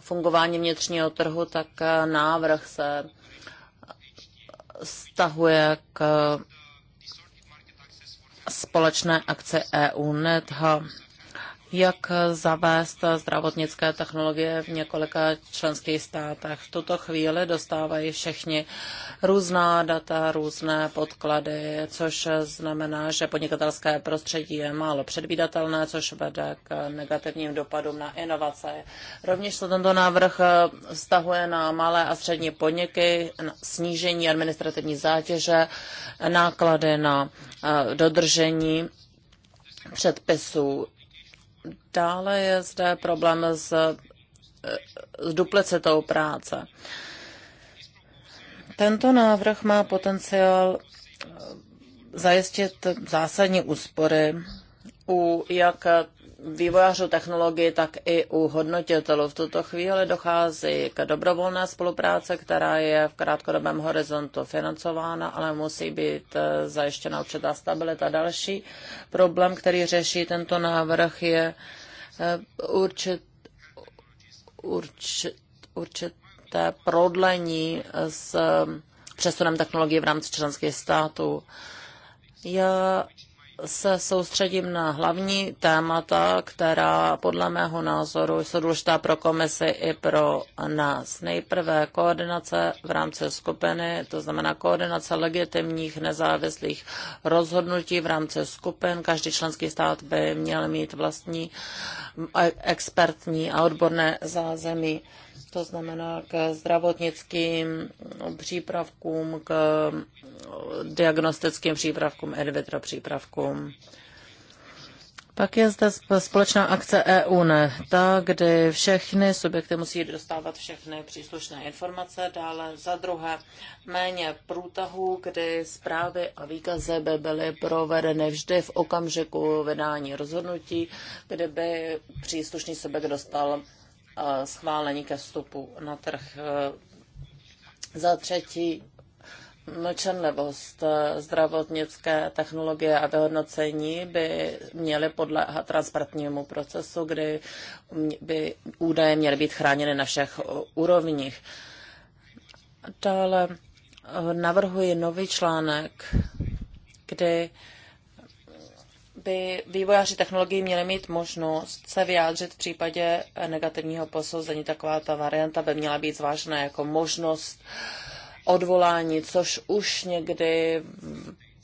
fungování vnitřního trhu, tak eh, návrh se stahuje eh, k společné akce EU NETHA jak zavést zdravotnické technologie v několika členských státech. V tuto chvíli dostávají všichni různá data, různé podklady, což znamená, že podnikatelské prostředí je málo předvídatelné, což vede k negativním dopadům na inovace. Rovněž se tento návrh vztahuje na malé a střední podniky, snížení administrativní zátěže, náklady na eh, dodržení předpisů Dále je zde problém s, eh, s duplicitou práce. Tento návrh má potenciál eh, zajistit zásadní úspory u jak vývojářů technologie tak i u hodnotitelů. V tuto chvíli dochází k dobrovolné spolupráce, která je v krátkodobém horizontu financována, ale musí být eh, zajištěna určitá stabilita. Další problém, který řeší tento návrh, je eh, určit, určit, určité prodlení s eh, přesunem technologie v rámci členských států. Já se soustředím na hlavní témata, která podle mého názoru jsou důležitá pro komisi i pro nás. Nejprve koordinace v rámci skupiny, to znamená koordinace legitimních nezávislých rozhodnutí v rámci skupin. Každý členský stát by měl mít vlastní eh, expertní a odborné zázemí to znamená k zdravotnickým přípravkům, k diagnostickým přípravkům, in vitro přípravkům. Pak je zde společná akce EU, ne, ta, kdy všechny subjekty musí dostávat všechny příslušné informace, dále za druhé méně průtahů, kdy zprávy a výkazy by byly provedeny vždy v okamžiku vydání rozhodnutí, kdyby příslušný subjekt dostal schválení ke vstupu na trh. E, za třetí, mlčenlivost e, zdravotnické technologie a vyhodnocení by měly podléhat transparentnímu procesu, kdy by údaje měly být chráněny na všech úrovních. Dále e, navrhuji nový článek, kdy by vývojáři technologií měli mít možnost se vyjádřit v případě eh, negativního posouzení. Taková ta varianta by měla být zvážena jako možnost odvolání, což už někdy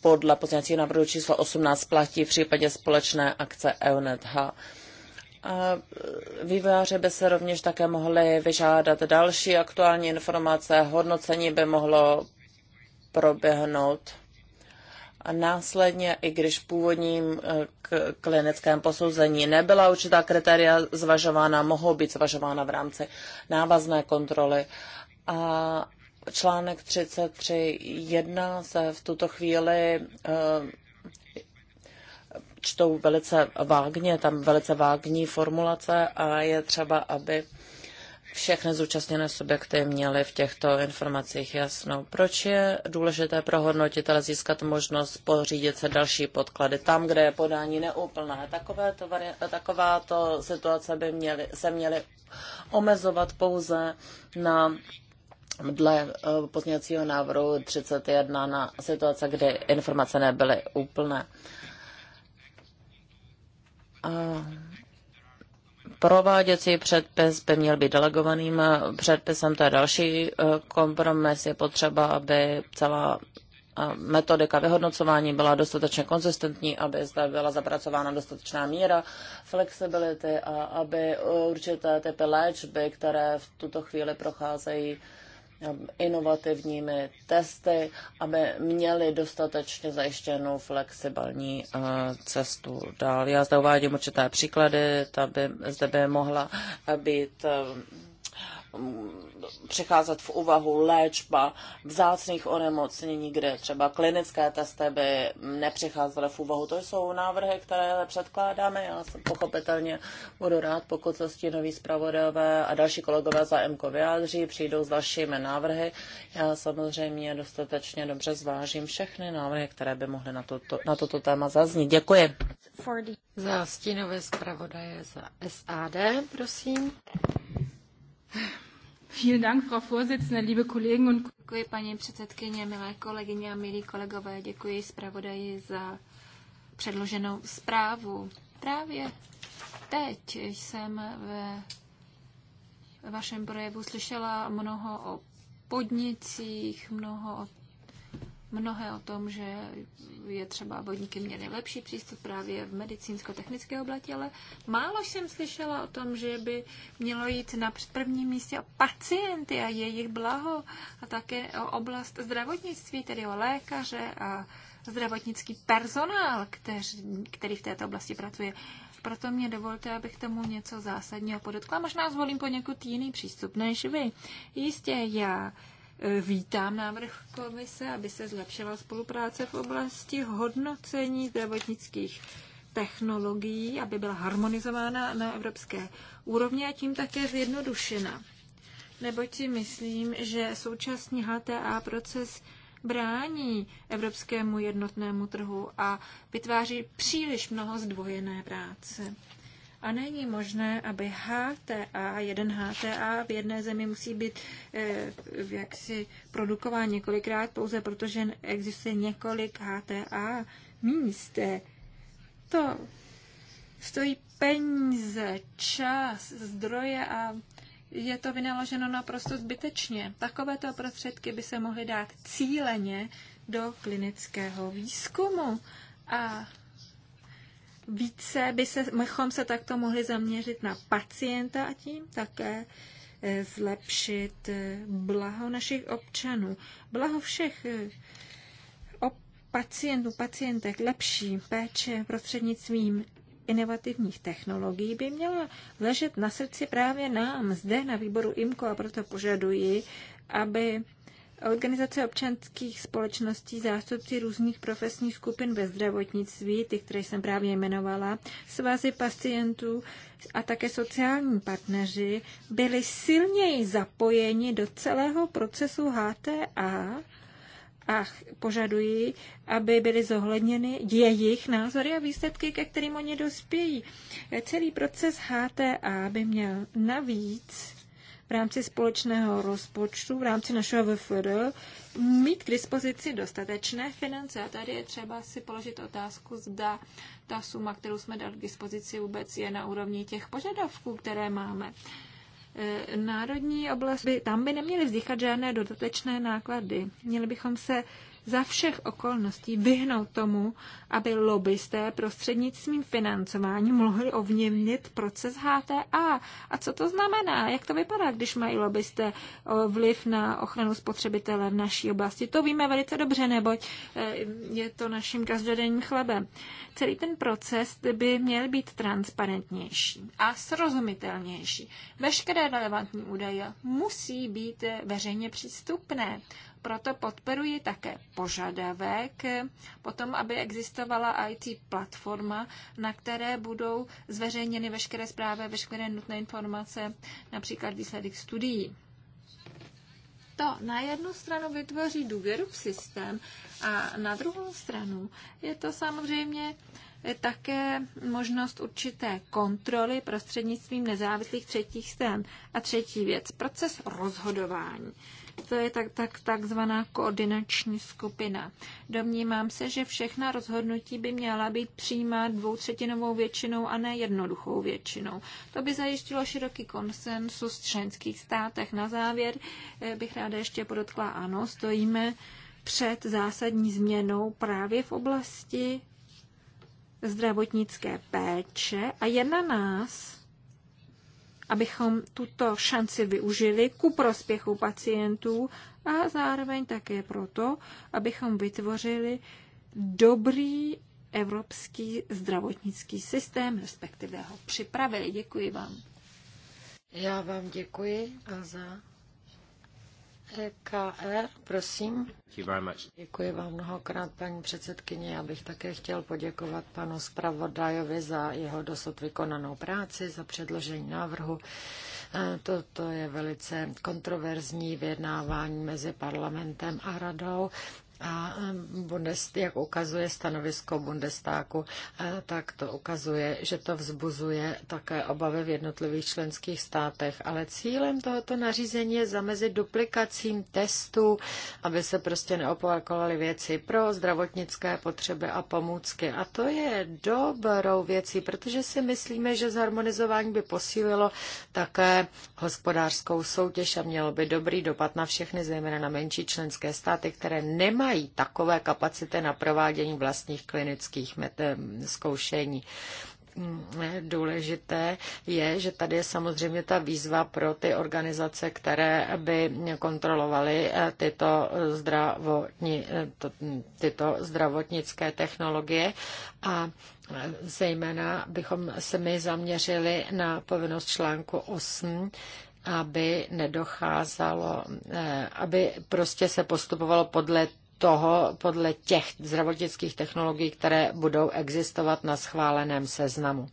podle pozněcího návrhu číslo 18 platí v případě společné akce EUNETH. Eh, vývojáři by se rovněž také mohli vyžádat další aktuální informace, hodnocení by mohlo proběhnout a následně, i když v původním eh, k klinickém posouzení nebyla určitá kritéria zvažována, mohou být zvažována v rámci návazné kontroly. A článek 33.1 se v tuto chvíli eh, čtou velice vágně, tam velice vágní formulace a je třeba, aby všechny zúčastněné subjekty měly v těchto informacích jasno. Proč je důležité pro hodnotitele získat možnost pořídit se další podklady tam, kde je podání neúplné? Taková takováto situace by měly, se měly omezovat pouze na dle eh, pozměňovacího návrhu 31 na situace, kdy informace nebyly úplné. A Prováděcí předpis by měl být delegovaným předpisem, to je další e, kompromis. Je potřeba, aby celá e, metodika vyhodnocování byla dostatečně konzistentní, aby zde byla zapracována dostatečná míra flexibility a aby určité typy léčby, které v tuto chvíli procházejí Um, inovativními testy, aby měli dostatečně zajištěnou flexibilní uh, cestu dál. Já zde uvádím určité příklady, ta by, zde by mohla být um, Mm, přicházet v úvahu léčba vzácných onemocnění, kde třeba klinické testy by nepřicházely v úvahu. To jsou návrhy, které předkládáme. Já jsem pochopitelně budu rád, pokud se stínoví zpravodajové a další kolegové za MK vyjádří, přijdou s dalšími návrhy. Já samozřejmě dostatečně dobře zvážím všechny návrhy, které by mohly na toto, na toto téma zaznít. Děkuji. Za stínové zpravodaje za SAD, prosím. Vielen Dank, Frau Vorsitzende, liebe Kollegen und Děkuji paní předsedkyně, milé kolegyně a milí kolegové, děkuji zpravodaji za předloženou zprávu. Právě teď jsem ve vašem projevu slyšela mnoho o podnicích, mnoho o mnohé o tom, že je třeba vodníky mě nejlepší přístup právě v medicínsko-technické oblasti, ale málo jsem slyšela o tom, že by mělo jít na prvním místě o pacienty a jejich blaho a také o oblast zdravotnictví, tedy o lékaře a zdravotnický personál, který, který v této oblasti pracuje. Proto mě dovolte, abych tomu něco zásadního podotkla. Možná zvolím poněkud jiný přístup než vy. Jistě já Vítám návrh komise, aby se zlepšila spolupráce v oblasti hodnocení zdravotnických technologií, aby byla harmonizována na evropské úrovni a tím také zjednodušena. Neboť si myslím, že současný HTA proces brání evropskému jednotnému trhu a vytváří příliš mnoho zdvojené práce. A není možné, aby HTA, jeden HTA v jedné zemi musí být e, jaksi produkován několikrát, pouze protože existuje několik HTA míst. To stojí peníze, čas, zdroje a je to vynaloženo naprosto zbytečně. Takovéto prostředky by se mohly dát cíleně do klinického výzkumu a více by se, bychom se takto mohli zaměřit na pacienta a tím také eh, zlepšit eh, blaho našich občanů. Blaho všech eh, pacientů, pacientek lepší péče prostřednictvím inovativních technologií by měla ležet na srdci právě nám zde na výboru IMCO a proto požaduji, aby Organizace občanských společností, zástupci různých profesních skupin ve zdravotnictví, ty, které jsem právě jmenovala, svazy pacientů a také sociální partneři byli silněji zapojeni do celého procesu HTA a požadují, aby byly zohledněny jejich názory a výsledky, ke kterým oni dospějí. Celý proces HTA by měl navíc v rámci společného rozpočtu, v rámci našeho VFR, mít k dispozici dostatečné finance. A tady je třeba si položit otázku, zda ta suma, kterou jsme dali k dispozici, vůbec je na úrovni těch požadavků, které máme e, národní oblast, by, tam by neměly vznikat žádné dodatečné náklady. Měli bychom se za všech okolností vyhnout tomu, aby lobbysté prostřednictvím financování mohli ovlivnit proces HTA. A co to znamená? Jak to vypadá, když mají lobbysté eh, vliv na ochranu spotřebitele v naší oblasti? To víme velice dobře, neboť eh, je to naším každodenním chlebem. Celý ten proces by měl být transparentnější a srozumitelnější. Veškeré relevantní údaje musí být eh, veřejně přístupné proto podporuji také požadavek potom, aby existovala IT platforma, na které budou zveřejněny veškeré zprávy, veškeré nutné informace, například výsledek studií. To na jednu stranu vytvoří důvěru v systém a na druhou stranu je to samozřejmě také možnost určité kontroly prostřednictvím nezávislých třetích stran. A třetí věc, proces rozhodování. To je tak, tak, takzvaná koordinační skupina. Domnívám se, že všechna rozhodnutí by měla být přijímá dvoutřetinovou většinou a ne jednoduchou většinou. To by zajistilo široký konsensus v členských státech. Na závěr eh, bych ráda ještě podotkla, ano, stojíme před zásadní změnou právě v oblasti zdravotnické péče a je na nás, abychom tuto šanci využili ku prospěchu pacientů a zároveň také proto, abychom vytvořili dobrý evropský zdravotnický systém, respektive ho připravili. Děkuji vám. Já vám děkuji a za EKR, e, prosím. Děkuji vám mnohokrát, paní předsedkyně. Já bych také chtěl poděkovat panu zpravodajovi za jeho dosud vykonanou práci, za předložení návrhu. E, toto je velice kontroverzní vyjednávání mezi parlamentem a radou a eh, Bundest, jak ukazuje stanovisko Bundestáku, eh, tak to ukazuje, že to vzbuzuje také obavy v jednotlivých členských státech. Ale cílem tohoto nařízení je zamezit duplikacím testů, aby se prostě neopakovaly věci pro zdravotnické potřeby a pomůcky. A to je dobrou věcí, protože si myslíme, že zharmonizování by posílilo také hospodářskou soutěž a mělo by dobrý dopad na všechny, zejména na menší členské státy, které nemají nemají takové kapacity na provádění vlastních klinických eh, zkoušení důležité je, že tady je samozřejmě ta výzva pro ty organizace, které by kontrolovaly eh, tyto, zdravotní, eh, tyto zdravotnické technologie a zejména bychom se my zaměřili na povinnost článku 8, aby nedocházalo, aby prostě se postupovalo podle toho, podle těch zdravotnických technologií, které budou existovat na schváleném seznamu.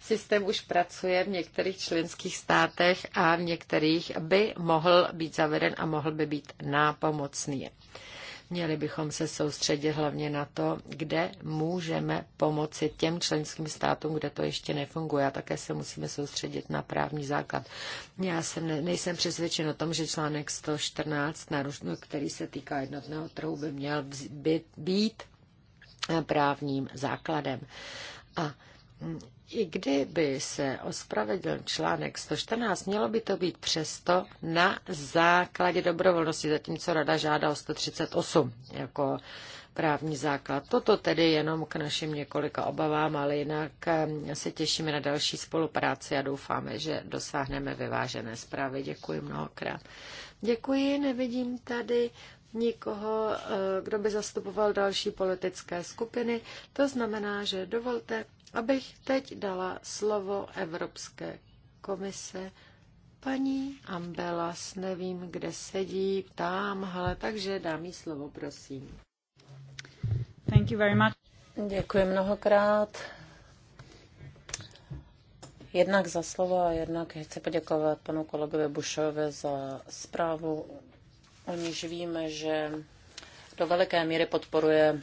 Systém už pracuje v některých členských státech a v některých by mohl být zaveden a mohl by být nápomocný. Měli bychom se soustředit hlavně na to, kde můžeme pomoci těm členským státům, kde to ještě nefunguje. A také se musíme soustředit na právní základ. Já jsem, ne, nejsem přesvědčen o tom, že článek 114, no, který se týká jednotného trhu, by měl být právním základem. A mm, i kdyby se ospravedlnil článek 114, mělo by to být přesto na základě dobrovolnosti, zatímco rada žádá o 138 jako právní základ. Toto tedy jenom k našim několika obavám, ale jinak ehm, se těšíme na další spolupráci a doufáme, že dosáhneme vyvážené zprávy. Děkuji mnohokrát. Děkuji, nevidím tady nikoho, eh, kdo by zastupoval další politické skupiny. To znamená, že dovolte, abych teď dala slovo Evropské komise paní Ambelas, nevím, kde sedí, tamhle, takže dám jí slovo, prosím. Thank you very much. Děkuji mnohokrát. Jednak za slovo a jednak chci poděkovat panu kolegovi Bušovi za zprávu. O níž víme, že do veliké míry podporuje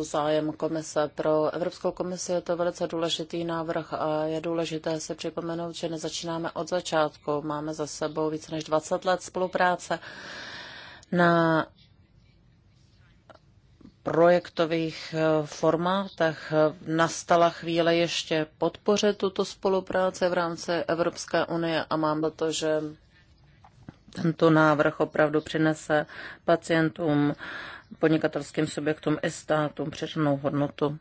zájem komise. Pro Evropskou komisi je to velice důležitý návrh a je důležité si připomenout, že nezačínáme od začátku. Máme za sebou více než 20 let spolupráce na projektových eh, formátech nastala chvíle ještě podpořit tuto spolupráci v rámci Evropské unie a mám to, že tento návrh opravdu přinese pacientům uh, podnikatelským subjektům i státům přeřenou hodnotu.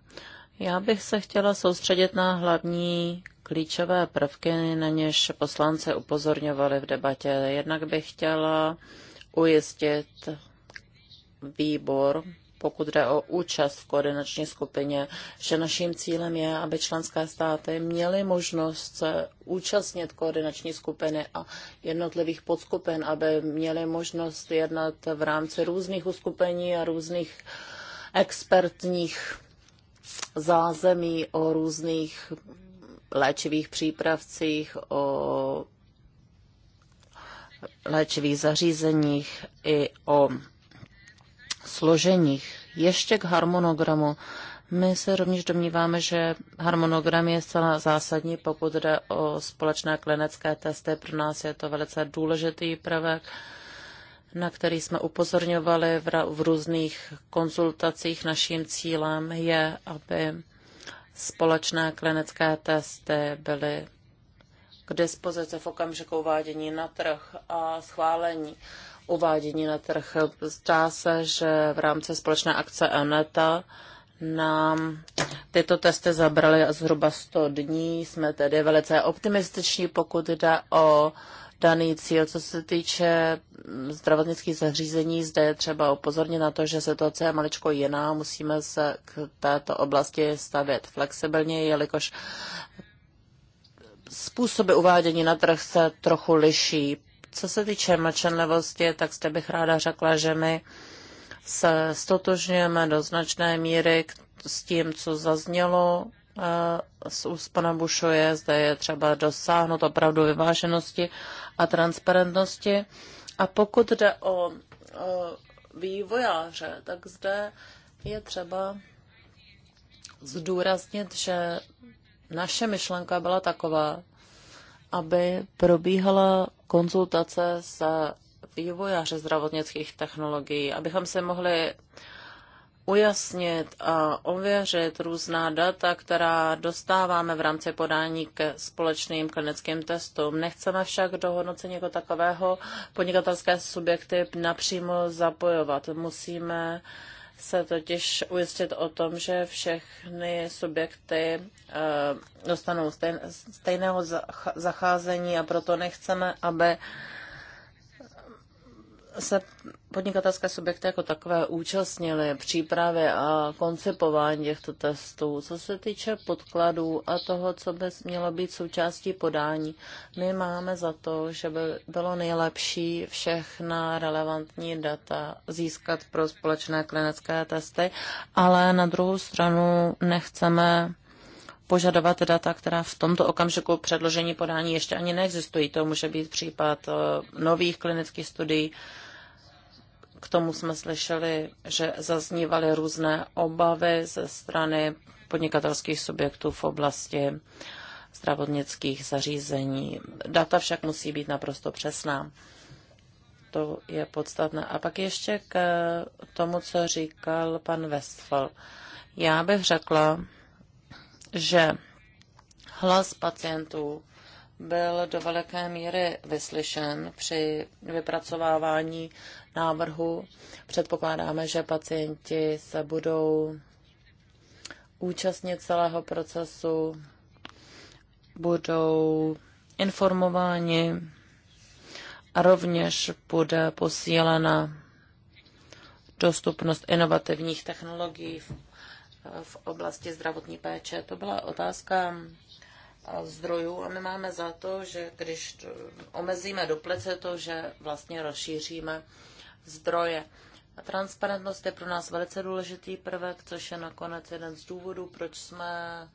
Já bych se chtěla soustředit na hlavní klíčové prvky, na něž poslance upozorňovali v debatě. Jednak bych chtěla ujistit výbor pokud jde o účast v koordinační skupině, že naším cílem je, aby členské státy měly možnost se účastnit koordinační skupiny a jednotlivých podskupin, aby měly možnost jednat v rámci různých uskupení a různých expertních zázemí o různých léčivých přípravcích, o léčivých zařízeních i o složeních. Ještě k harmonogramu. My se rovněž domníváme, že harmonogram je zcela zásadní, pokud jde o společné klinické testy. Pro nás je to velice důležitý prvek, na který jsme upozorňovali v, v různých konzultacích. Naším cílem je, aby společné klinické testy byly k dispozici v okamžiku uvádění na trh a schválení uvádění na trh. Zdá se, že v rámci společné akce Aneta nám tyto testy zabraly zhruba 100 dní. Jsme tedy velice optimističní, pokud jde o daný cíl. Co se týče zdravotnických zařízení, zde je třeba upozornit na to, že situace je maličko jiná. Musíme se k této oblasti stavět flexibilně, jelikož způsoby uvádění na trh se trochu liší. Co se týče mlčenlivosti, tak zde bych ráda řekla, že my se stotožňujeme do značné míry s tím, co zaznělo eh, z úst pana Bušoje. Zde je třeba dosáhnout opravdu vyváženosti a transparentnosti. A pokud jde o, o vývojáře, tak zde je třeba zdůraznit, že naše myšlenka byla taková, aby probíhala konzultace s vývojáři zdravotnických technologií, abychom se mohli ujasnit a ověřit různá data, která dostáváme v rámci podání k společným klinickým testům. Nechceme však do hodnocení jako takového podnikatelské subjekty napřímo zapojovat. Musíme uh, se totiž ujistit o tom, že všechny subjekty eh, dostanou stejného zacházení a proto nechceme, aby se podnikatelské subjekty jako takové účastnily přípravy a koncipování těchto testů. Co se týče podkladů a toho, co by mělo být součástí podání, my máme za to, že by bylo nejlepší všechna relevantní data získat pro společné klinické testy, ale na druhou stranu nechceme požadovat data, která v tomto okamžiku předložení podání ještě ani neexistují. To může být případ eh, nových klinických studií, k tomu jsme slyšeli, že zaznívaly různé obavy ze strany podnikatelských subjektů v oblasti zdravotnických zařízení. Data však musí být naprosto přesná. To je podstatné. A pak ještě k tomu, co říkal pan Westfall. Já bych řekla, že hlas pacientů byl do veliké míry vyslyšen při vypracovávání návrhu předpokládáme, že pacienti se budou účastnit celého procesu, budou informováni a rovněž bude posílena dostupnost inovativních technologií v, v oblasti zdravotní péče. To byla otázka zdrojů a my máme za to, že když omezíme to, že vlastně rozšíříme zdroje. A transparentnost je pro nás velice důležitý prvek, což je nakonec jeden z důvodů, proč jsme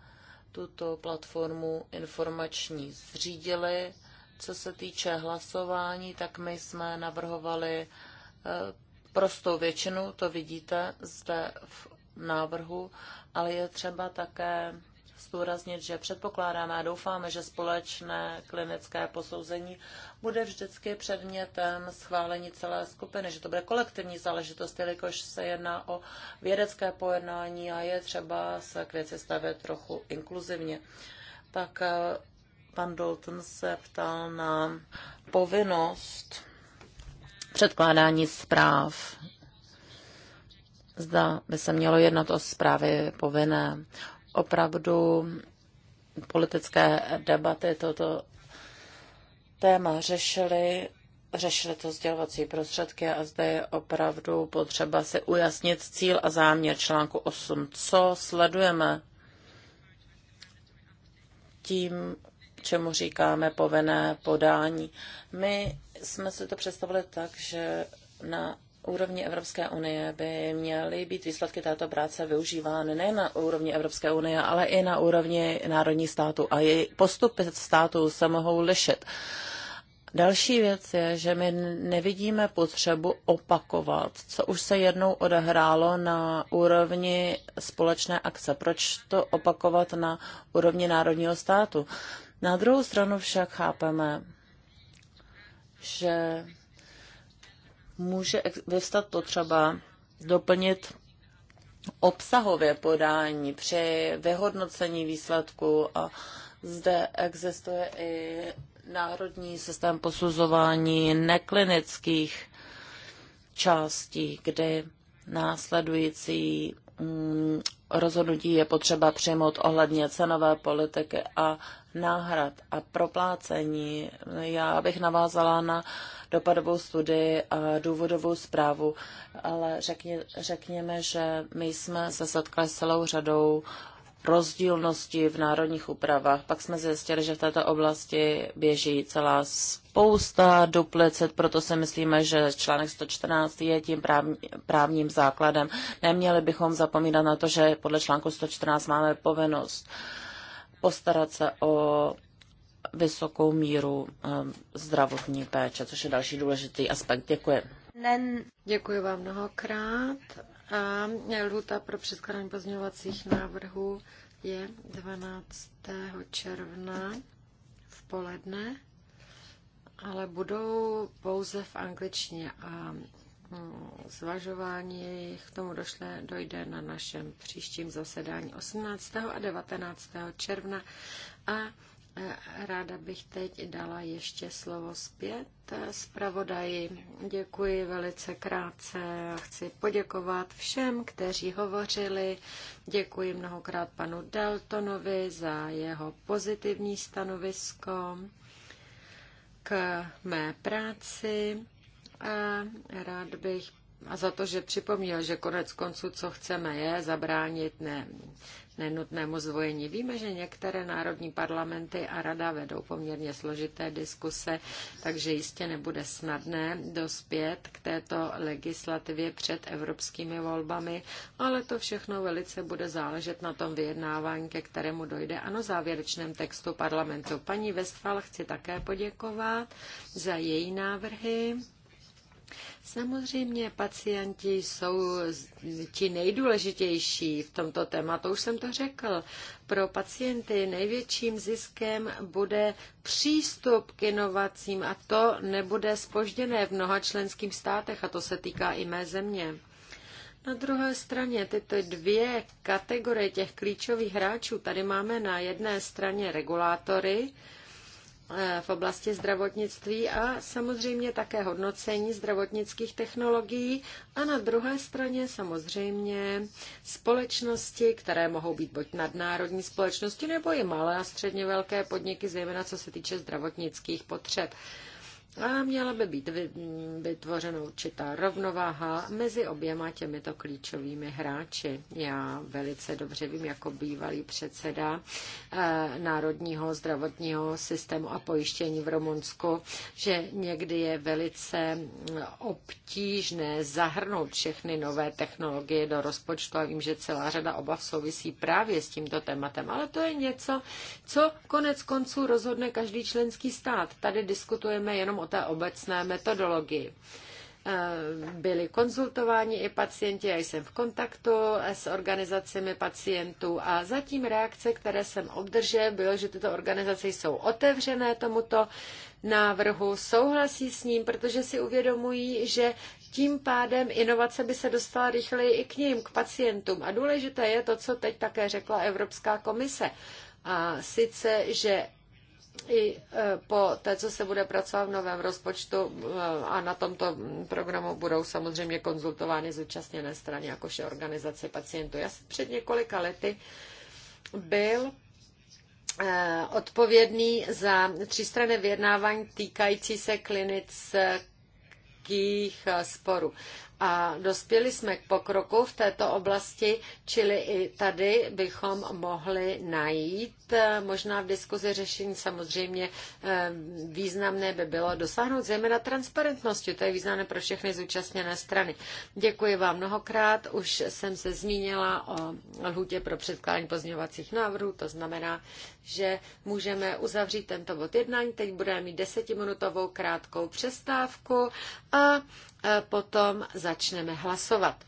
tuto platformu informační zřídili. Co se týče hlasování, tak my jsme navrhovali eh, prostou většinu, to vidíte zde v návrhu, ale je třeba také zdůraznit, že předpokládáme a doufáme, že společné klinické posouzení bude vždycky předmětem schválení celé skupiny, že to bude kolektivní záležitost, jelikož se jedná o vědecké pojednání a je třeba se k věci stavět trochu inkluzivně. Tak eh, pan Dalton se ptal na povinnost předkládání zpráv. Zda by se mělo jednat o zprávy povinné opravdu politické debaty toto téma řešily. Řešili to sdělovací prostředky a zde je opravdu potřeba si ujasnit cíl a záměr článku 8. Co sledujeme tím, čemu říkáme povinné podání? My jsme si to představili tak, že na úrovni Evropské unie by měly být výsledky této práce využívány nejen na úrovni Evropské unie, ale i na úrovni národních států. A její postupy států se mohou lišit. Další věc je, že my nevidíme potřebu opakovat, co už se jednou odehrálo na úrovni společné akce. Proč to opakovat na úrovni národního státu? Na druhou stranu však chápeme, že může vyvstat potřeba doplnit obsahově podání při vyhodnocení výsledku a zde existuje i národní systém posuzování neklinických částí, kdy následující Mm, rozhodnutí je potřeba přijmout ohledně cenové politiky a náhrad a proplácení. Já bych navázala na dopadovou studii a důvodovou zprávu, ale řekně, řekněme, že my jsme se setkali s celou řadou rozdílnosti v národních úpravách. Pak jsme zjistili, že v této oblasti běží celá spousta duplicit, proto si myslíme, že článek 114 je tím právní, právním základem. Neměli bychom zapomínat na to, že podle článku 114 máme povinnost postarat se o vysokou míru ehm, zdravotní péče, což je další důležitý aspekt. Děkuji. Len děkuji vám mnohokrát a lhuta pro předkládání pozměňovacích návrhů je 12. června v poledne, ale budou pouze v angličtině a mm, zvažování k tomu došle, dojde na našem příštím zasedání 18. a 19. června a Ráda bych teď dala ještě slovo zpět zpravodaji. Děkuji velice krátce a chci poděkovat všem, kteří hovořili. Děkuji mnohokrát panu Daltonovi za jeho pozitivní stanovisko k mé práci a rád bych a za to, že připomněl, že konec konců, co chceme, je zabránit ne nenutnému zvojení. Víme, že některé národní parlamenty a rada vedou poměrně složité diskuse, takže jistě nebude snadné dospět k této legislativě před evropskými volbami, ale to všechno velice bude záležet na tom vyjednávání, ke kterému dojde ano závěrečném textu parlamentu. Paní Westphal chci také poděkovat za její návrhy. Samozřejmě pacienti jsou ti nejdůležitější v tomto tématu, už jsem to řekl. Pro pacienty největším ziskem bude přístup k inovacím a to nebude spožděné v mnoha členských státech a to se týká i mé země. Na druhé straně tyto dvě kategorie těch klíčových hráčů, tady máme na jedné straně regulátory, Eh, v oblasti zdravotnictví a samozřejmě také hodnocení zdravotnických technologií a na druhé straně samozřejmě společnosti, které mohou být buď nadnárodní společnosti nebo i malé a středně velké podniky, zejména co se týče zdravotnických potřeb a měla by být vytvořena určitá rovnováha mezi oběma těmito klíčovými hráči. Já velice dobře vím, jako bývalý předseda eh, Národního zdravotního systému a pojištění v Rumunsku, že někdy je velice eh, obtížné zahrnout všechny nové technologie do rozpočtu a vím, že celá řada obav souvisí právě s tímto tématem. Ale to je něco, co konec konců rozhodne každý členský stát. Tady diskutujeme jenom o té obecné metodologii e, byli konzultováni i pacienti, já jsem v kontaktu s organizacemi pacientů a zatím reakce, které jsem obdržel, bylo, že tyto organizace jsou otevřené tomuto návrhu, souhlasí s ním, protože si uvědomují, že tím pádem inovace by se dostala rychleji i k ním, k pacientům. A důležité je to, co teď také řekla Evropská komise. A sice, že i e, po té, co se bude pracovat v novém rozpočtu e, a na tomto programu budou samozřejmě konzultovány zúčastněné strany, jakož je organizace pacientů. Já jsem před několika lety byl e, odpovědný za třístranné vyjednávání týkající se klinických sporů a dospěli jsme k pokroku v této oblasti, čili i tady bychom mohli najít eh, možná v diskuzi řešení. Samozřejmě eh, významné by bylo dosáhnout zejména transparentnosti. To je významné pro všechny zúčastněné strany. Děkuji vám mnohokrát. Už jsem se zmínila o lhůtě pro předkládání pozměňovacích návrhů, to znamená že můžeme uzavřít tento bod jednání. Teď budeme mít desetiminutovou krátkou přestávku a potom začneme hlasovat.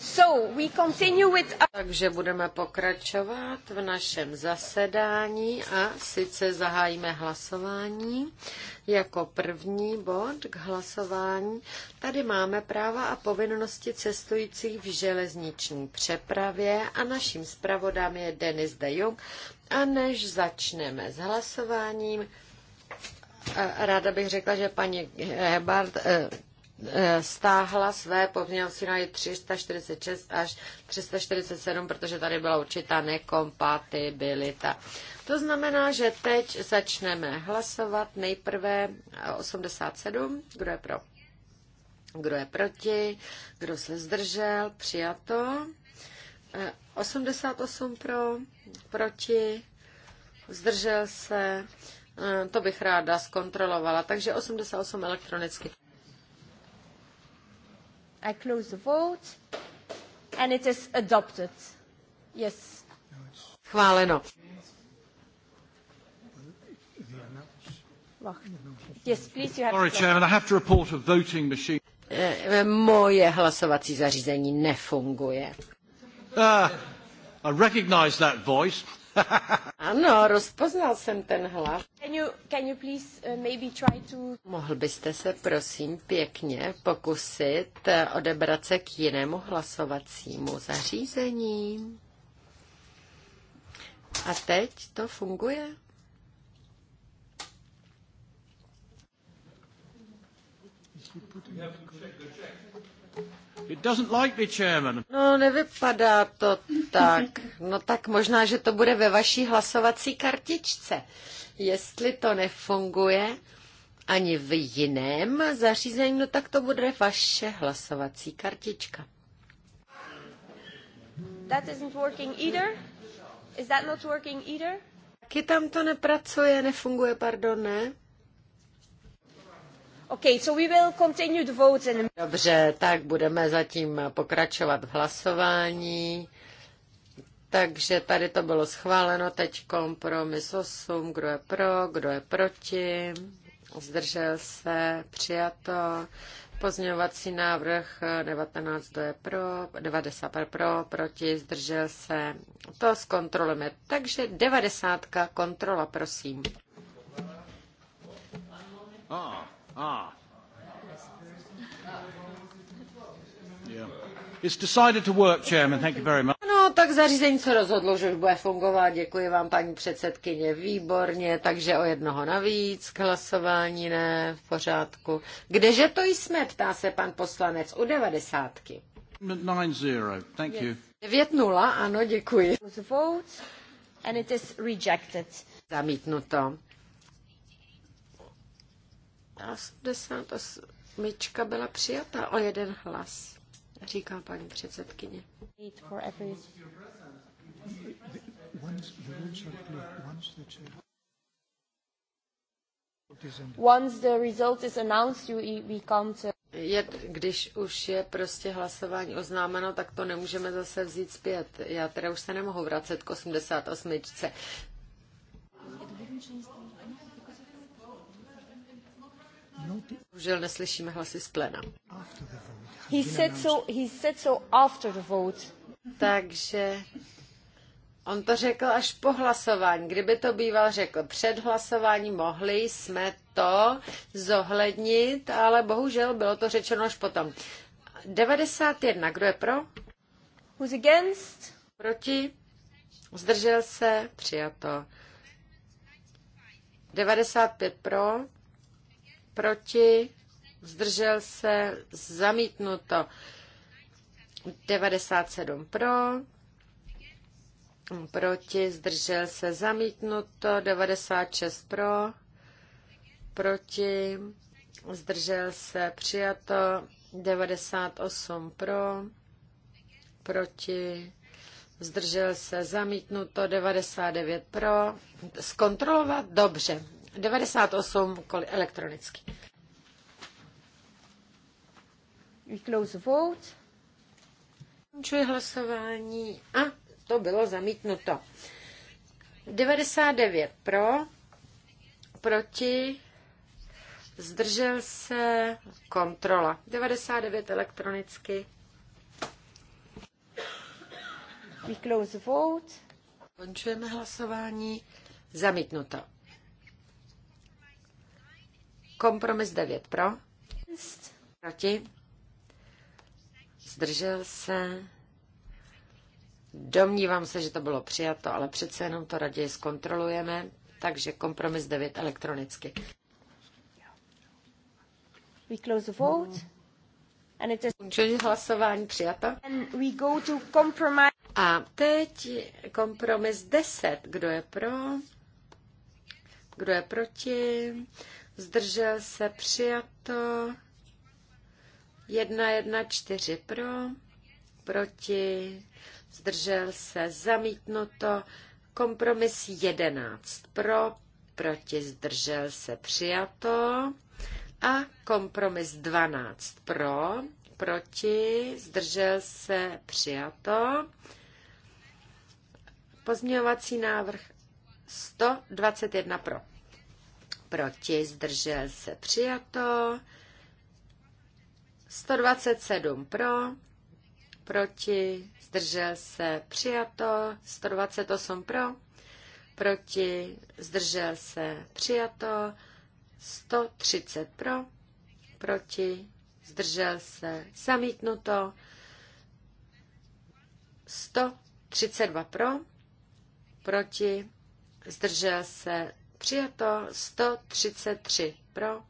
So, we continue with... Takže budeme pokračovat v našem zasedání a sice zahájíme hlasování. Jako první bod k hlasování tady máme práva a povinnosti cestujících v železniční přepravě a naším zpravodám je Denis de Jong. A než začneme s hlasováním, eh, ráda bych řekla, že paní Hebart eh, Eh, stáhla své pozměňovací návrhy 346 až 347, protože tady byla určitá nekompatibilita. To znamená, že teď začneme hlasovat nejprve 87, kdo je pro, kdo je proti, kdo se zdržel, přijato. 88 eh, pro, proti, zdržel se, eh, to bych ráda zkontrolovala, takže 88 elektronicky. I close the vote. And it is adopted. Yes. Schváleno. Yes, please, you have Sorry, Chairman, I have to report a voting machine. Eh, eh, moje hlasovací zařízení nefunguje. Uh, I recognize that voice. ano, rozpoznal jsem ten hlas. Can you, can you please, uh, maybe try to... Mohl byste se prosím pěkně pokusit eh, odebrat se k jinému hlasovacímu zařízení? A teď to funguje? You have to check the check. It doesn't like me, chairman. No, nevypadá to tak. No tak možná, že to bude ve vaší hlasovací kartičce. Jestli to nefunguje ani v jiném zařízení, no tak to bude vaše hlasovací kartička. That isn't working either. Is that not working either? Taky tam to nepracuje, nefunguje, pardon, ne? Okay, so we will continue the votes Dobře, tak budeme zatím pokračovat v hlasování. Takže tady to bylo schváleno, teď kompromis 8, kdo je pro, kdo je proti, zdržel se, přijato. Pozměňovací návrh 19, kdo je pro, 90 pro, proti, zdržel se. To zkontrolujeme. Takže 90, kontrola, prosím. Oh. Ah. Yeah. It's decided to work, Chairman. Thank you very much. No, tak zařízení se rozhodlo, že už bude fungovat. Děkuji vám, paní předsedkyně. Výborně, takže o jednoho navíc k hlasování ne, v pořádku. Kdeže to jsme, ptá se pan poslanec, u devadesátky. 9-0, thank you. 9-0, ano, děkuji. And it is rejected. Zamítnuto. 88 byla přijata o jeden hlas, říká paní předsedkyně. Once the result is announced, you, když už je prostě hlasování oznámeno, tak to nemůžeme zase vzít zpět. Já teda už se nemohu vracet k 88. Bohužel neslyšíme hlasy z pléna. He said so, he said so after the vote. Takže on to řekl až po hlasování. Kdyby to býval řekl před hlasováním, mohli jsme to zohlednit, ale bohužel bylo to řečeno až potom. 91. Kdo je pro? Who's against? Proti? Zdržel se? Přijato. 95 pro? proti, zdržel se, zamítnuto. 97 pro, proti, zdržel se, zamítnuto. 96 pro, proti, zdržel se, přijato. 98 pro, proti, zdržel se, zamítnuto. 99 pro, zkontrolovat, dobře, 98 elektronicky. We close vote. Končuji hlasování a to bylo zamítnuto. 99 pro, proti, zdržel se, kontrola. 99 elektronicky. We close the vote. Končujeme hlasování. Zamítnuto. Kompromis 9 pro. Proti. Zdržel se. Domnívám se, že to bylo přijato, ale přece jenom to raději zkontrolujeme. Takže kompromis 9 elektronicky. We close the vote. And it is... Ukončení hlasování přijato. And we go to compromise. A teď kompromis 10. Kdo je pro? Kdo je proti? zdržel se přijato 1, 1, 4 pro, proti, zdržel se zamítnuto, kompromis 11 pro, proti, zdržel se přijato a kompromis 12 pro, proti, zdržel se přijato. Pozměňovací návrh 121 pro proti, zdržel se přijato. 127 pro, proti, zdržel se přijato. 128 pro, proti, zdržel se přijato. 130 pro, proti, zdržel se zamítnuto. 132 pro, proti, zdržel se Přijato 133 pro,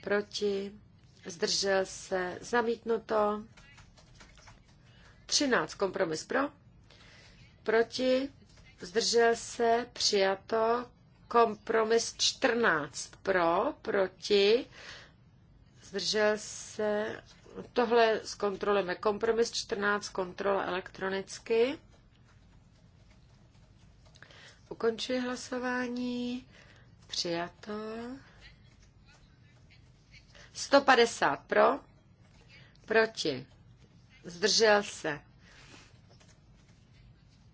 proti, zdržel se, zamítnuto 13 kompromis pro, proti, zdržel se, přijato kompromis 14 pro, proti, zdržel se, tohle zkontrolujeme, kompromis 14, kontrola elektronicky. Ukončuji hlasování. Přijato. 150 pro, proti, zdržel se.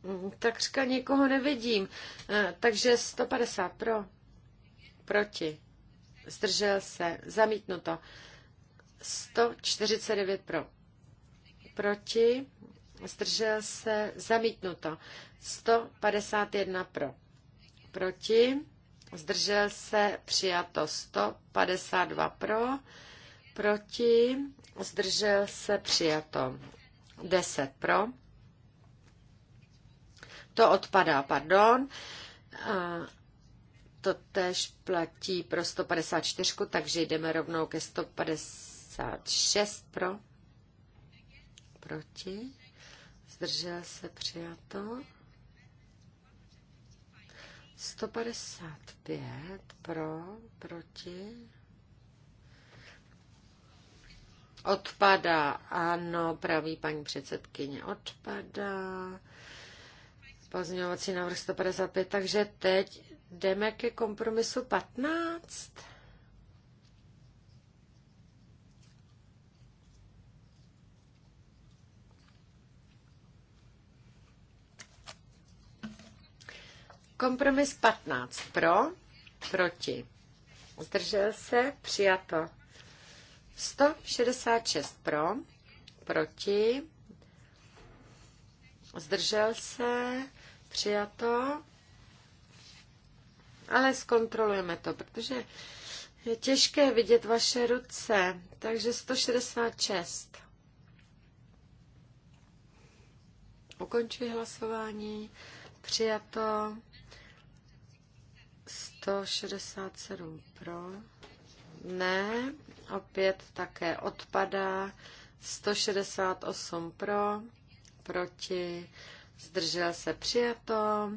Mm, takřka nikoho nevidím. Eh, takže 150 pro, proti, zdržel se, zamítnuto. 149 pro, proti, zdržel se, zamítnuto. 151 pro, proti, zdržel se, přijato 152 pro, proti, zdržel se, přijato 10 pro. To odpadá, pardon. A to tež platí pro 154, takže jdeme rovnou ke 156 pro, proti zdržel se přijato. 155 pro, proti. Odpadá, ano, praví paní předsedkyně, odpadá. Pozměňovací návrh 155, takže teď jdeme ke kompromisu 15. Kompromis 15 pro, proti. Zdržel se, přijato. 166 pro, proti. Zdržel se, přijato. Ale zkontrolujeme to, protože je těžké vidět vaše ruce. Takže 166. Ukončuji hlasování. Přijato. 167 pro. Ne, opět také odpadá. 168 pro, proti, zdržel se přijato.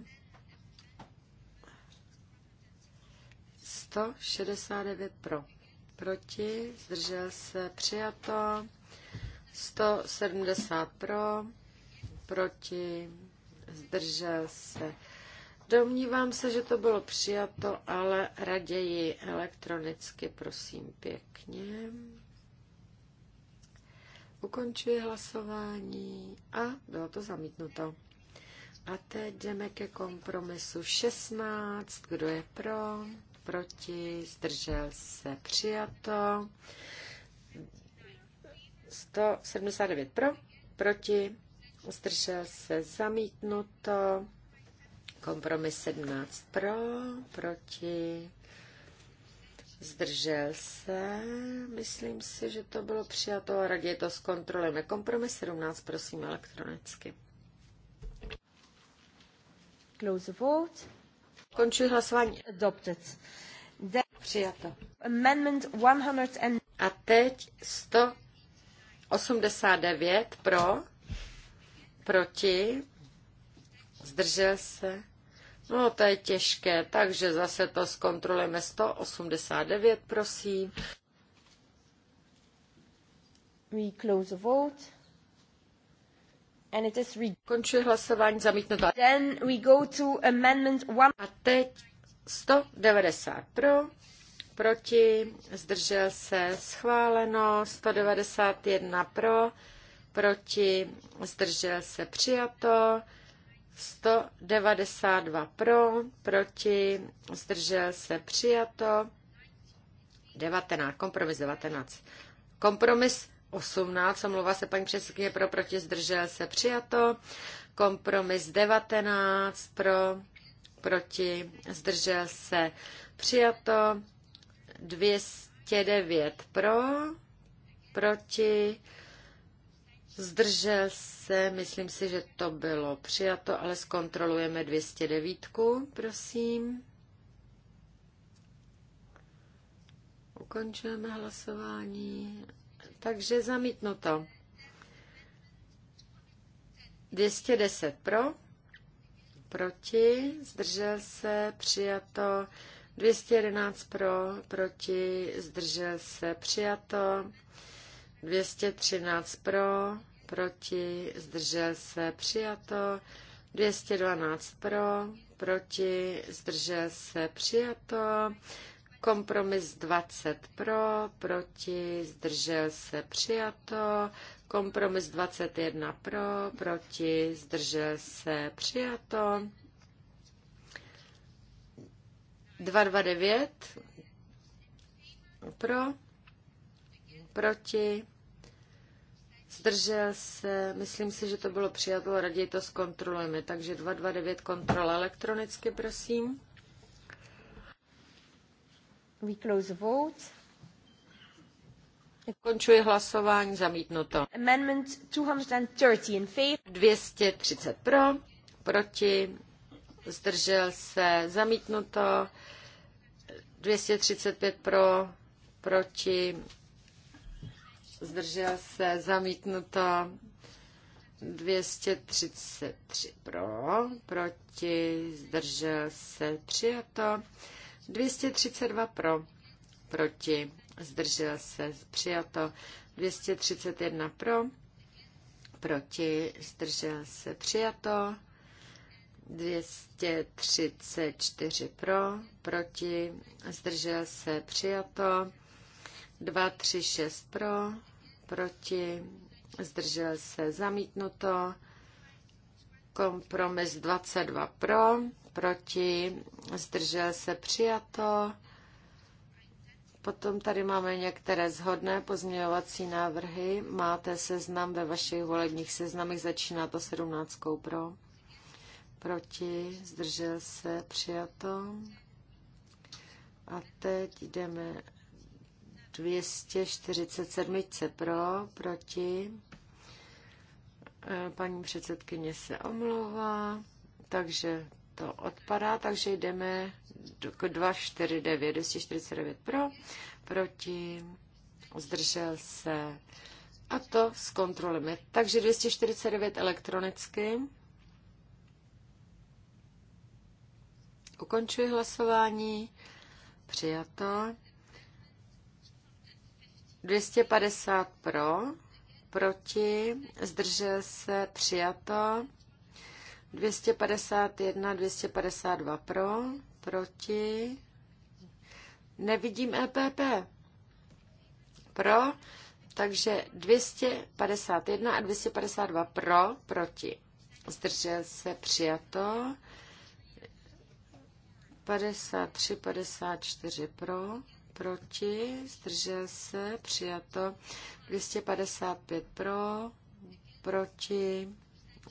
169 pro, proti, zdržel se přijato. 170 pro, proti, zdržel se Domnívám se, že to bylo přijato, ale raději elektronicky, prosím pěkně. Ukončuji hlasování a bylo to zamítnuto. A teď jdeme ke kompromisu 16. Kdo je pro? Proti? Zdržel se? Přijato. 179 pro? Proti? Zdržel se? Zamítnuto. Kompromis 17 pro, proti, zdržel se. Myslím si, že to bylo přijato a raději to zkontrolujeme. Kompromis 17, prosím, elektronicky. Close vote. Končuji hlasování. Adopted. De- přijato. Amendment 100 and... A teď 189 pro, proti, zdržel se, No, to je těžké, takže zase to zkontrolujeme 189, prosím. We close the vote. And it is re- Končuje hlasování, zamítnuto. Then we go to amendment one. A teď 190 pro, proti, zdržel se, schváleno, 191 pro, proti, zdržel se, přijato. 192 pro, proti, zdržel se přijato. 19, kompromis 19. Kompromis 18, omlouvá se paní předsedkyně pro, proti, zdržel se přijato. Kompromis 19 pro, proti, zdržel se přijato. 209 pro, proti, Zdržel se, myslím si, že to bylo přijato, ale zkontrolujeme 209, prosím. Ukončujeme hlasování. Takže zamítnuto. 210 pro, proti, zdržel se, přijato. 211 pro, proti, zdržel se, přijato. 213 pro, proti, zdržel se, přijato. 212 pro, proti, zdržel se, přijato. Kompromis 20 pro, proti, zdržel se, přijato. Kompromis 21 pro, proti, zdržel se, přijato. 229 pro, proti, Zdržel se, myslím si, že to bylo přijato, raději to zkontrolujeme. Takže 229 kontrola elektronicky, prosím. We close vote. Končuji hlasování, zamítnuto. Amendment 230 in favor. 230 pro, proti, zdržel se, zamítnuto. 235 pro, proti, zdržel se, zamítnuto 233 pro, proti, zdržel se, přijato 232 pro, proti, zdržel se, přijato 231 pro, proti, zdržel se, přijato 234 pro, proti, zdržel se, přijato 236 pro, proti, zdržel se zamítnuto, kompromis 22 pro, proti, zdržel se přijato. Potom tady máme některé zhodné pozměňovací návrhy. Máte seznam ve vašich volebních seznamech, začíná to 17 pro. Proti, zdržel se, přijato. A teď jdeme 247 pro, proti. E, paní předsedkyně se omlouvá, takže to odpadá, takže jdeme k 249, 249 pro, proti, zdržel se a to s kontrolemi. Takže 249 elektronicky. Ukončuji hlasování. Přijato. 250 pro, proti, zdržel se, přijato. 251, 252 pro, proti. Nevidím EPP. Pro, takže 251 a 252 pro, proti. Zdržel se, přijato. 53, 54 pro, proti, zdržel se, přijato 255 pro, proti,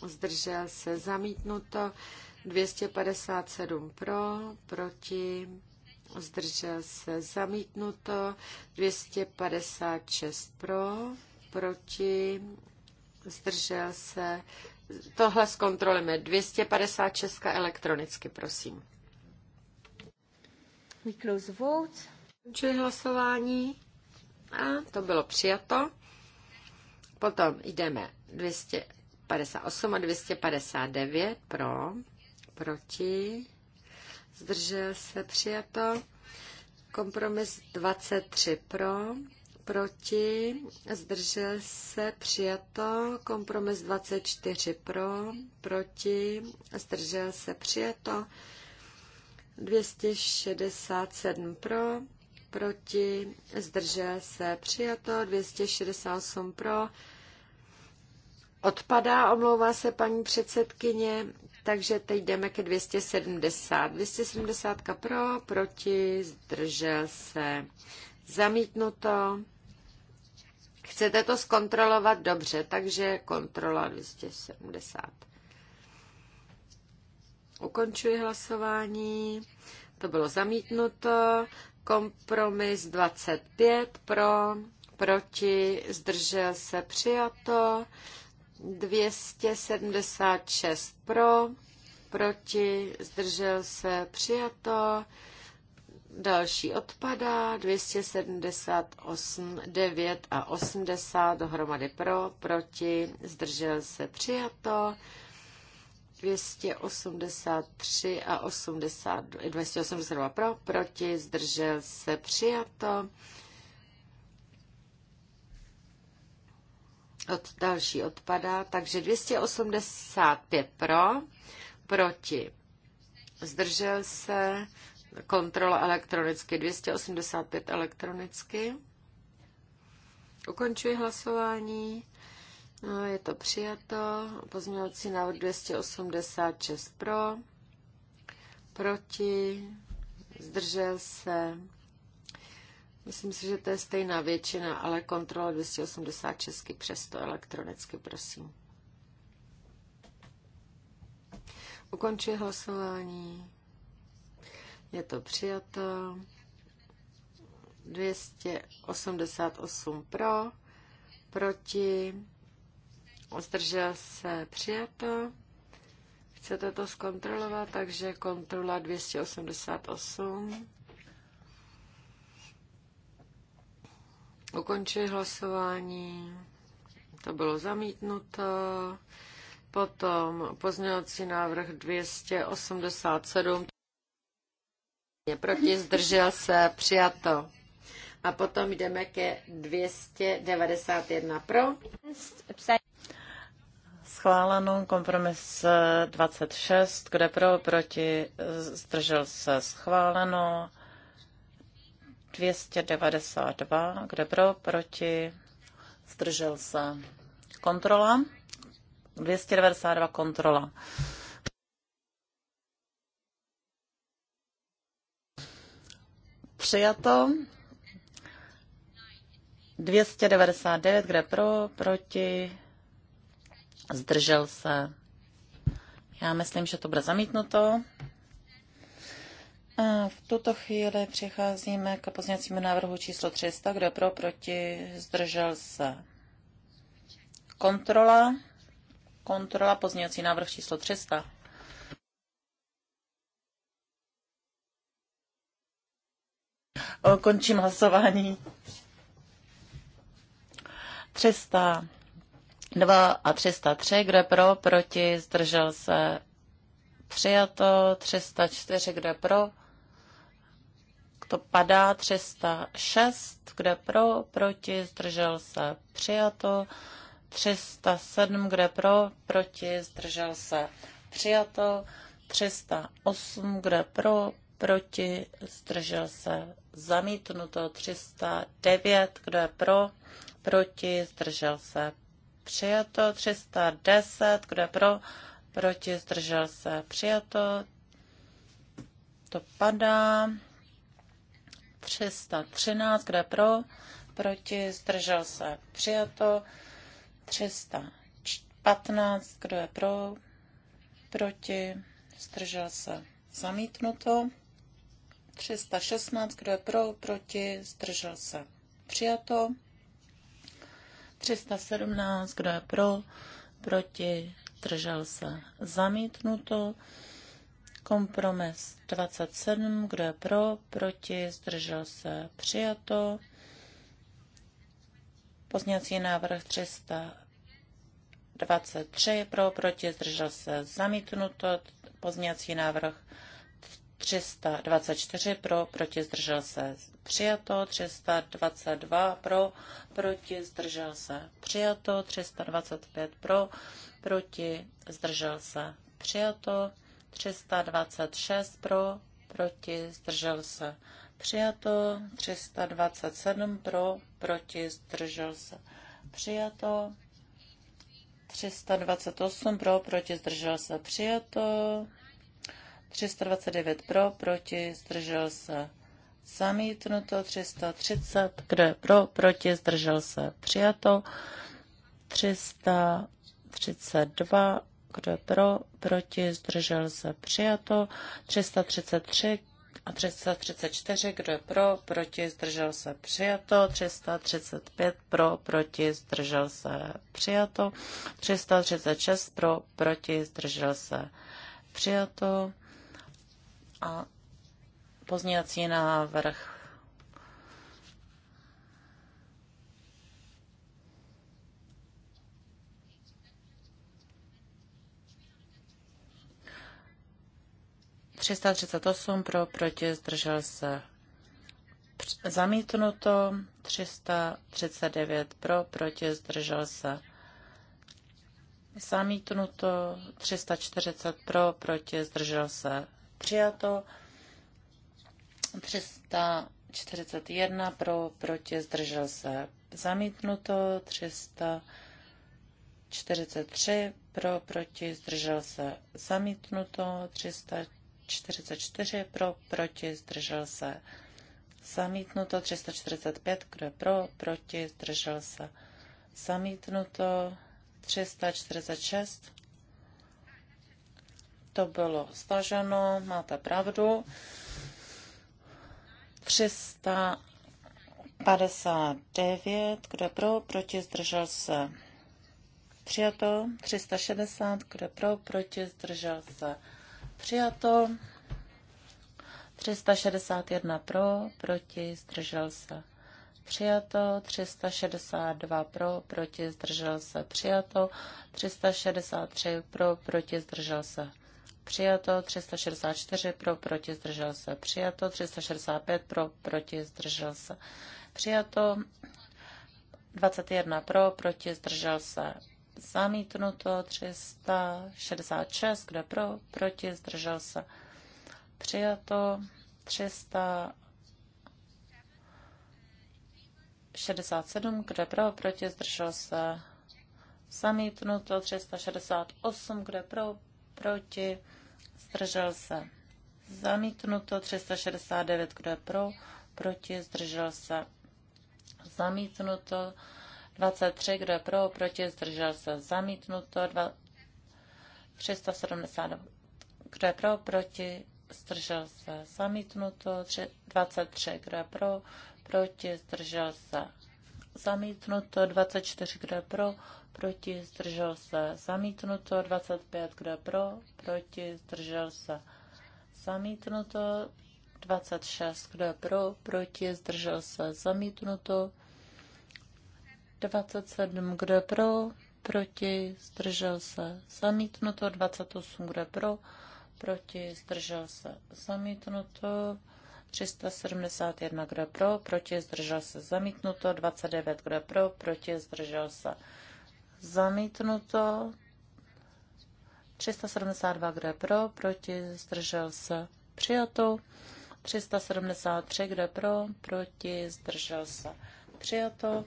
zdržel se, zamítnuto 257 pro, proti, zdržel se, zamítnuto 256 pro, proti, zdržel se. Tohle zkontrolujeme. 256 elektronicky, prosím. We close vote. Končili hlasování a to bylo přijato. Potom jdeme 258 a 259 pro, proti, zdržel se přijato. Kompromis 23 pro, proti, zdržel se, přijato, kompromis 24 pro, proti, zdržel se, přijato, 267 pro, proti, zdržel se, přijato, 268 pro, odpadá, omlouvá se paní předsedkyně, takže teď jdeme ke 270. 270 pro, proti, zdržel se, zamítnuto. Chcete to zkontrolovat dobře, takže kontrola 270. Ukončuji hlasování. To bylo zamítnuto. Kompromis 25 pro, proti, zdržel se přijato. 276 pro, proti, zdržel se přijato. Další odpadá 278, 9 a 80 dohromady pro, proti, zdržel se přijato. 283 a 80, 282 pro, proti, zdržel se, přijato. Od další odpadá, takže 285 pro, proti, zdržel se, kontrola elektronicky, 285 elektronicky. Ukončuji hlasování. No, je to přijato. Pozměňovací návrh 286 pro. Proti. Zdržel se. Myslím si, že to je stejná většina, ale kontrola 286 přesto elektronicky, prosím. Ukončuji hlasování. Je to přijato. 288 pro, proti zdržel se přijato. Chcete to zkontrolovat, takže kontrola 288. Ukončuji hlasování. To bylo zamítnuto. Potom pozměňovací návrh 287. Proti zdržel se přijato. A potom jdeme ke 291 pro schváleno. Kompromis 26, eh, kde pro, proti, eh, zdržel se schváleno. 292, kde pro, proti, zdržel se kontrola. 292 kontrola. Přijato. 299, kde pro, proti, zdržel se. Já myslím, že to bude zamítnuto. A v tuto chvíli přicházíme k pozněcímu návrhu číslo 300, kde pro, proti, zdržel se. Kontrola. Kontrola pozněcí návrh číslo 300. Končím hlasování. 300 2 a 303, kdo je pro, proti, zdržel se, přijato, 304, kdo je pro, to padá, 306, kdo je pro, proti, zdržel se, přijato, 307, kde pro, proti, zdržel se, přijato, 308, kde pro, proti, zdržel se, zamítnuto, 309, kdo je pro, proti, zdržel se, přijato. 310, kdo je pro, proti, zdržel se, přijato. To padá. 313, kdo je pro, proti, zdržel se, přijato. 315, kdo je pro, proti, zdržel se, zamítnuto. 316, kdo je pro, proti, zdržel se, přijato. 317, kdo je pro, proti, držel se zamítnuto. Kompromis 27, kdo je pro, proti, zdržel se přijato. Pozněcí návrh 323, pro, proti, zdržel se zamítnuto. Pozněcí návrh 324 pro, proti zdržel se přijato, 322 pro, proti zdržel se přijato, 325 pro, proti zdržel se přijato, 326 pro, proti zdržel se přijato, 327 pro, proti zdržel se přijato, 328 pro, proti zdržel se přijato, 329 pro, proti, zdržel se. Zamítnuto 330, kdo je pro, proti, zdržel se. Přijato 332, kdo je pro, proti, zdržel se. Přijato 333, a 334, kdo je pro, proti, zdržel se, přijato. 335, pro, proti, zdržel se, přijato. 336, pro, proti, zdržel se, přijato a pozměňovací návrh Třista třicet osm pro, proti, zdržel se zamítnuto, 339 pro, proti, zdržel se. Zamítnuto, 340 pro, proti, zdržel se přijato. 341 pro, proti, zdržel se zamítnuto. 343 pro, proti, zdržel se zamítnuto. 344 pro, proti, zdržel se zamítnuto. 345, kdo je pro, proti, zdržel se zamítnuto. 346 to bylo staženo, máte pravdu. 359, kdo pro, proti, zdržel se. Přijato. 360, kdo pro, proti, zdržel se. Přijato. 361 pro, proti, zdržel se. Přijato 362 pro, proti zdržel se. Přijato 363 pro, proti zdržel se přijato, 364 pro, proti, zdržel se, přijato, 365 pro, proti, zdržel se, přijato, 21 pro, proti, zdržel se, zamítnuto, 366, kde pro, proti, zdržel se, přijato, 367, kde pro, proti, zdržel se. Zamítnuto 368, kde pro, proti, zdržel se. Zamítnuto 369, kdo je pro, proti, zdržel se. Zamítnuto 23, kdo je pro, proti, zdržel se. Zamítnuto 372, kdo je pro, proti, zdržel se. Zamítnuto 23, kdo je pro, proti, zdržel se. Zamítnuto 24, kdo je pro, proti, zdržel se, zamítnuto, 25, kdo je pro, proti, zdržel se, zamítnuto, 26, kdo je pro, proti, zdržel se, zamítnuto, 27, kdo je pro, proti, zdržel se, zamítnuto, 28, kdo je pro, proti, zdržel se, zamítnuto, 371, kdo je pro, proti, zdržel se, zamítnuto, 29, kdo je pro, proti, zdržel se, zamítnuto. 372, kdo je pro, proti, zdržel se, přijato. 373, kdo je pro, proti, zdržel se, přijato.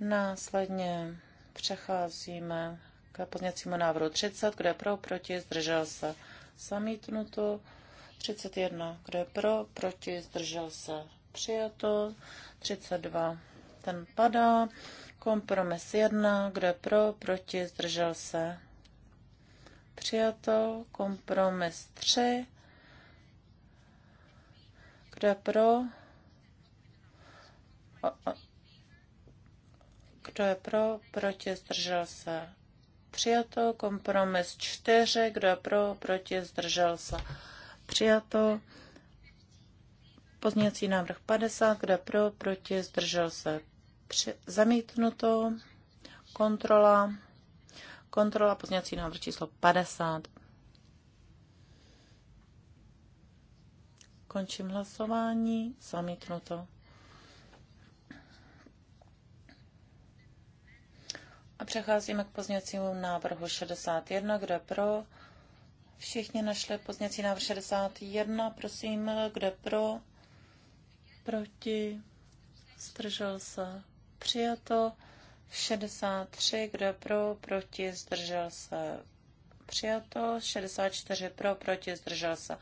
Následně přecházíme k pozněcímu návrhu 30, kdo je pro, proti, zdržel se, zamítnuto. 31, kdo je pro, proti, zdržel se, přijato. 32, ten padá. Kompromis 1, kdo je pro, proti, zdržel se. Přijato. Kompromis 3, kdo je pro, kdo je pro, proti, zdržel se. Přijato. Kompromis 4, kdo je pro, proti, zdržel se. Přijato. Pozněcí návrh 50, kdo je pro, proti, zdržel se při, zamítnuto. Kontrola. Kontrola pozněcí návrh číslo 50. Končím hlasování. Zamítnuto. A přecházíme k pozněcímu návrhu 61. Kdo je pro? Všichni našli pozněcí návrh 61. Prosím, kdo je pro? Proti? Stržel se? přijato. 63, kdo je pro, proti, zdržel se, přijato. 64 pro, proti, zdržel se,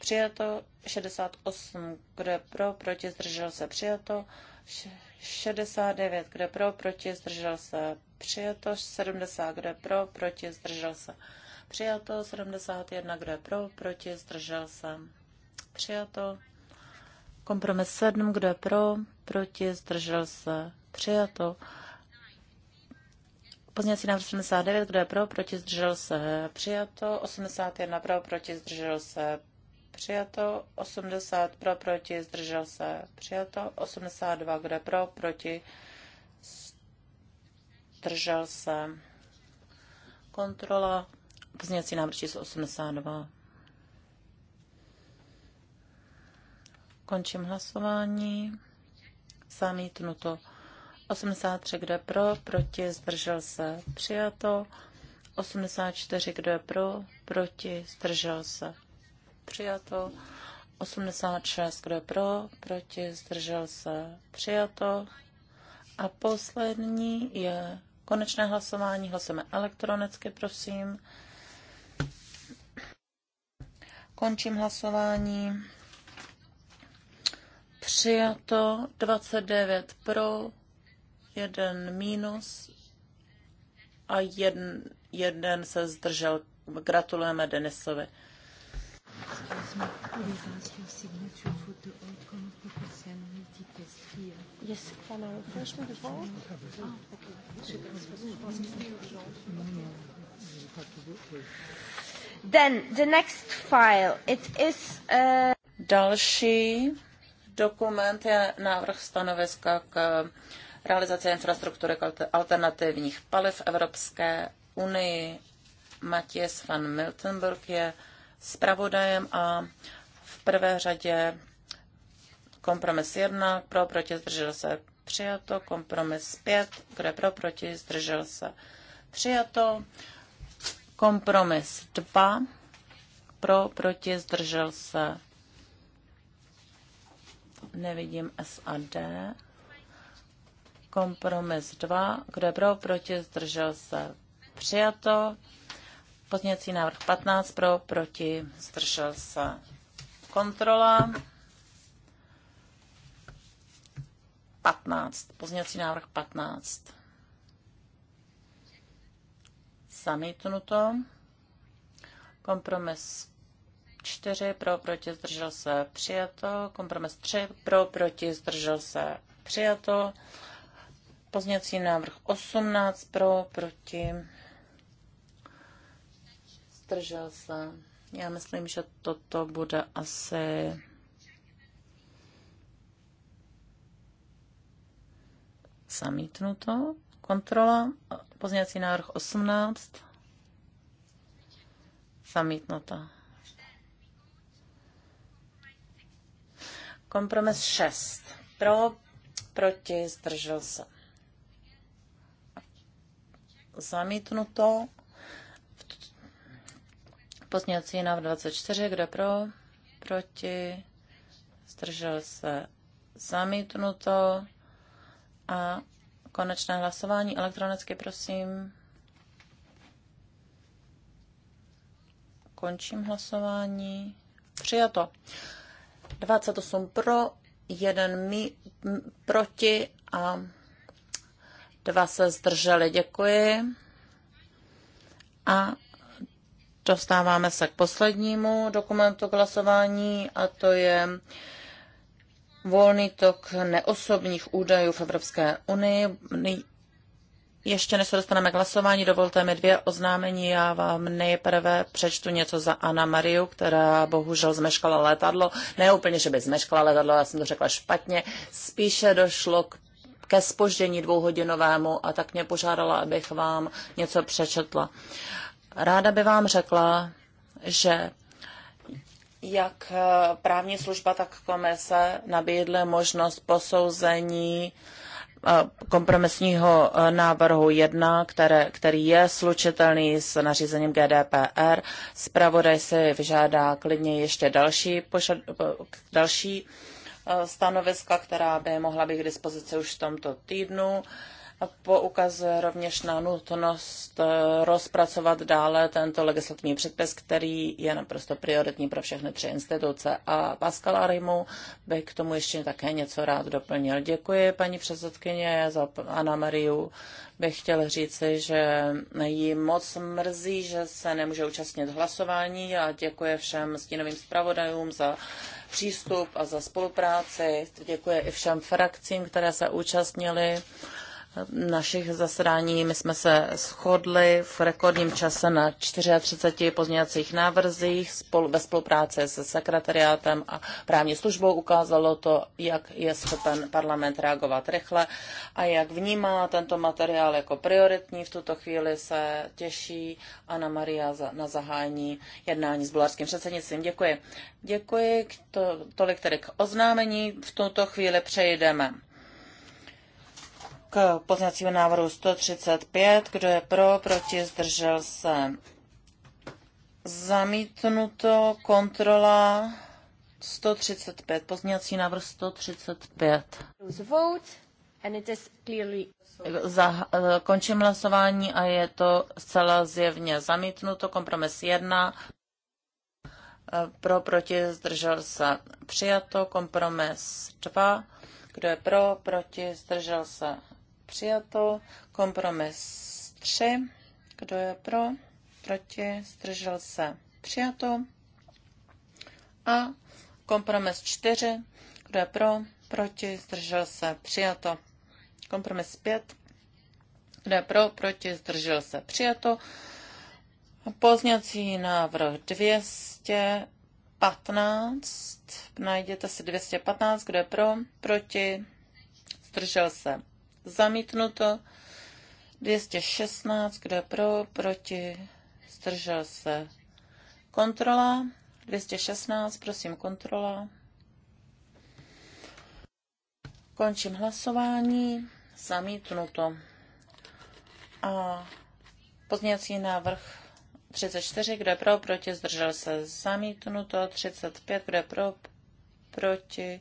přijato. 68, kdo je pro, proti, zdržel se, přijato. 69, kdo pro, proti, zdržel se, přijato. 70, kdo pro, proti, zdržel se, přijato. 71, kdo pro, proti, zdržel se, přijato. Kompromis 7, kdo pro, proti, zdržel se, Přijato. Pozměňovací návrh 79, kdo je pro, proti, zdržel se. Přijato. 81 pro, proti, zdržel se. Přijato. 80 pro, proti, zdržel se. Přijato. 82, kdo je pro, proti, zdržel se. Kontrola. Pozměňovací návrh číslo 82. Končím hlasování. Zamítnuto. to. 83, kdo je pro, proti, zdržel se, přijato. 84, kdo je pro, proti, zdržel se, přijato. 86, kdo je pro, proti, zdržel se, přijato. A poslední je konečné hlasování. Hlasujeme elektronicky, prosím. Končím hlasování. Přijato 29 pro, jeden mínus a jeden, jeden se zdržel. Gratulujeme Denisovi. Yes, can I refresh me before? Then the next file, it is... a... Uh, Další dokument je návrh stanoviska k uh, realizace infrastruktury alternativních paliv Evropské unii. Matthias van Miltenburg je zpravodajem a v prvé řadě kompromis 1, pro, proti, zdržel se, přijato, kompromis 5, je pro, proti, zdržel se, přijato, kompromis 2, pro, proti, zdržel se, nevidím SAD, Kompromis 2. Kdo je pro? Proti? Zdržel se? Přijato. Pozněcí návrh 15 pro, proti, zdržel se. Kontrola. 15. pozněcí návrh 15. Zamítnuto. Kompromis 4 pro, proti, zdržel se, přijato. Kompromis 3 pro, proti, zdržel se, přijato. Pozněcí návrh 18 pro, proti. Zdržel se. Já myslím, že toto bude asi zamítnuto. Kontrola, pozněcí návrh 18, zamítnuto. Kompromis 6. Pro, proti, zdržel se zamítnuto. Pozněcí návrh 24, kde pro, proti, zdržel se zamítnuto. A konečné hlasování elektronicky, prosím. Končím hlasování. Přijato. 28 pro, 1 mi, proti a dva se zdrželi. Děkuji. A dostáváme se k poslednímu dokumentu k hlasování a to je volný tok neosobních údajů v Evropské unii. Ještě než se dostaneme k hlasování, dovolte mi dvě oznámení. Já vám nejprve přečtu něco za Anna Mariu, která bohužel zmeškala letadlo. Ne úplně, že by zmeškala letadlo, já jsem to řekla špatně. Spíše došlo k ke spoždění dvouhodinovému a tak mě požádala, abych vám něco přečetla. Ráda by vám řekla, že jak eh, právní služba, tak komise nabídly možnost posouzení eh, kompromisního eh, návrhu 1, které, který je slučitelný s nařízením GDPR. Spravodaj si vyžádá klidně ještě další, pošad, další stanoviska, která by mohla být k dispozici už v tomto týdnu poukazuje rovněž na nutnost eh, rozpracovat dále tento legislativní předpis, který je naprosto prioritní pro všechny tři instituce. A Pascal Arimu by k tomu ještě také něco rád doplnil. Děkuji paní předsedkyně za Ana Mariu. Bych chtěl říci, že jí moc mrzí, že se nemůže účastnit hlasování a děkuji všem stínovým zpravodajům za přístup a za spolupráci. Děkuji i všem frakcím, které se účastnili našich zasedání. My jsme se shodli v rekordním čase na 34 pozměňovacích návrzích spolu, ve spolupráci se sekretariátem a právní službou. Ukázalo to, jak je schopen parlament reagovat rychle a jak vnímá tento materiál jako prioritní. V tuto chvíli se těší Ana Maria na zahájení jednání s bulharským předsednictvím. Děkuji. Děkuji. To, tolik tedy k oznámení. V tuto chvíli přejdeme k pozněcímu návrhu 135. Kdo je pro, proti, zdržel se. Zamítnuto kontrola 135. Pozněcí návrh 135. Zah- eh, končím hlasování a je to zcela zjevně zamítnuto. Kompromis 1. Eh, pro, proti, zdržel se. Přijato. Kompromis 2. Kdo je pro, proti, zdržel se přijato. Kompromis 3. Kdo je pro? Proti? Zdržel se? Přijato. A kompromis 4. Kdo je pro? Proti? Zdržel se? Přijato. Kompromis 5. Kdo je pro? Proti? Zdržel se? Přijato. Pozněcí návrh 200. 15, Najděte si 215. Kdo je pro? Proti? Zdržel se? zamítnuto. 216, kdo je pro, proti, zdržel se. Kontrola, 216, prosím, kontrola. Končím hlasování, zamítnuto. A pozměňovací návrh 34, kdo je pro, proti, zdržel se, zamítnuto. 35, kdo je pro, proti,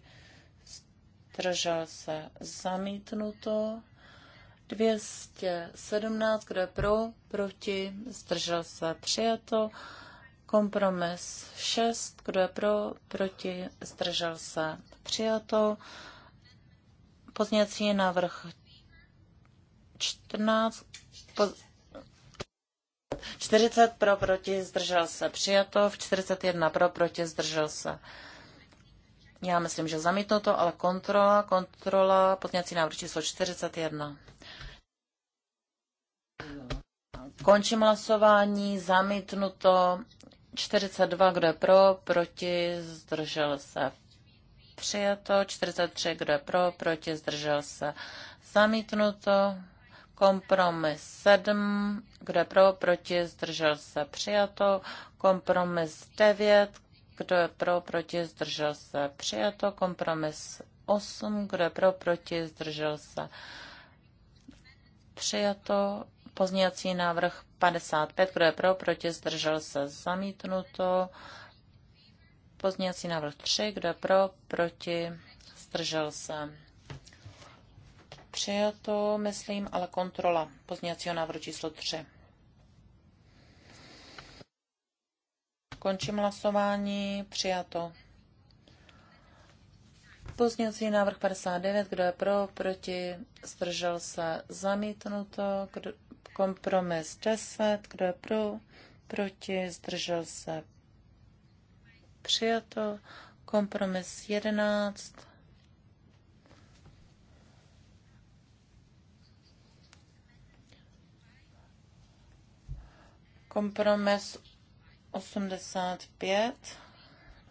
zdržel se zamítnuto. 217, kdo je pro, proti, zdržel se přijato. Kompromis 6, kdo je pro, proti, zdržel se přijato. Pozněcí návrh 14, po, 40 pro, proti, zdržel se přijato. 41 pro, proti, zdržel se já myslím, že zamítnu to, ale kontrola, kontrola, pozměňovací návrh číslo 41. Končím hlasování, zamítnuto 42, kdo je pro, proti, zdržel se přijato, 43, kdo je pro, proti, zdržel se zamítnuto, kompromis 7, kdo je pro, proti, zdržel se přijato, kompromis 9, kdo je pro, proti, zdržel se. Přijato kompromis 8, kdo je pro, proti, zdržel se. Přijato pozněcí návrh 55, kdo je pro, proti, zdržel se. Zamítnuto pozněcí návrh 3, kdo je pro, proti, zdržel se. Přijato, myslím, ale kontrola pozněcího návrhu číslo 3. Končím hlasování. Přijato. Pozměňovací návrh 59, kdo je pro, proti, zdržel se, zamítnuto, kdo, kompromis 10, kdo je pro, proti, zdržel se, přijato, kompromis 11, kompromis 85.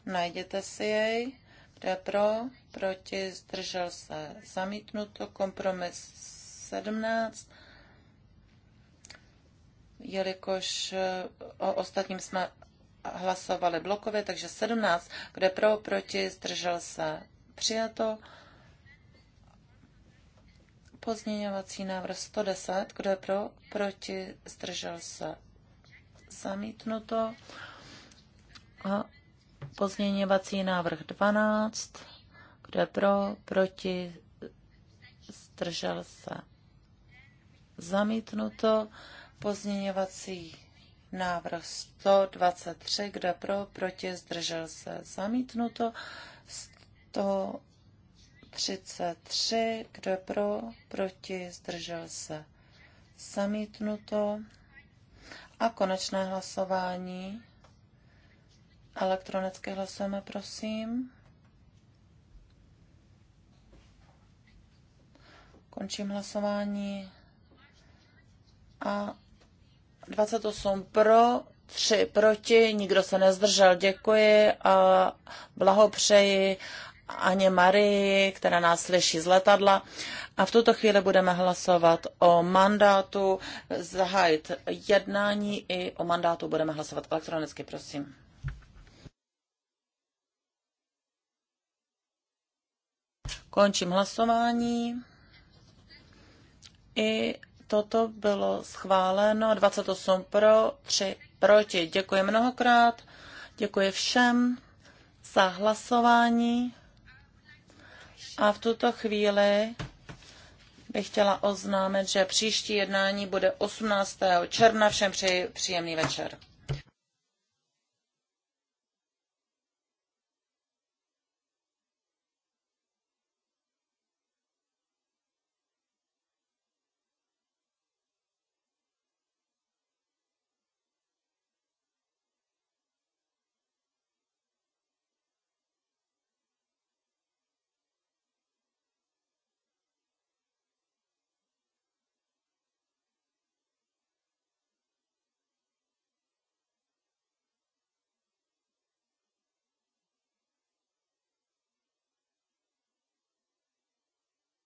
Najděte si jej. Kdo pro? Proti? Zdržel se? Zamítnuto. Kompromis 17. Jelikož eh, o ostatním jsme hlasovali blokově, takže 17. Kdo je pro? Proti? Zdržel se? Přijato. Pozměňovací návrh 110. Kdo je pro? Proti? Zdržel se? zamítnuto. A pozměňovací návrh 12, kde pro, proti, zdržel se. Zamítnuto pozměňovací návrh 123, kde pro, proti, zdržel se. Zamítnuto 133, kde pro, proti, zdržel se. Zamítnuto a konečné hlasování. Elektronicky hlasujeme, prosím. Končím hlasování. A 28 pro, 3 proti, nikdo se nezdržel. Děkuji a blahopřeji Aně Marii, která nás slyší z letadla. A v tuto chvíli budeme hlasovat o mandátu zahájit jednání i o mandátu budeme hlasovat elektronicky, prosím. Končím hlasování. I toto bylo schváleno. 28 pro, 3 proti. Děkuji mnohokrát. Děkuji všem za hlasování. A v tuto chvíli bych chtěla oznámit, že příští jednání bude 18. června. Všem přeji příjemný večer.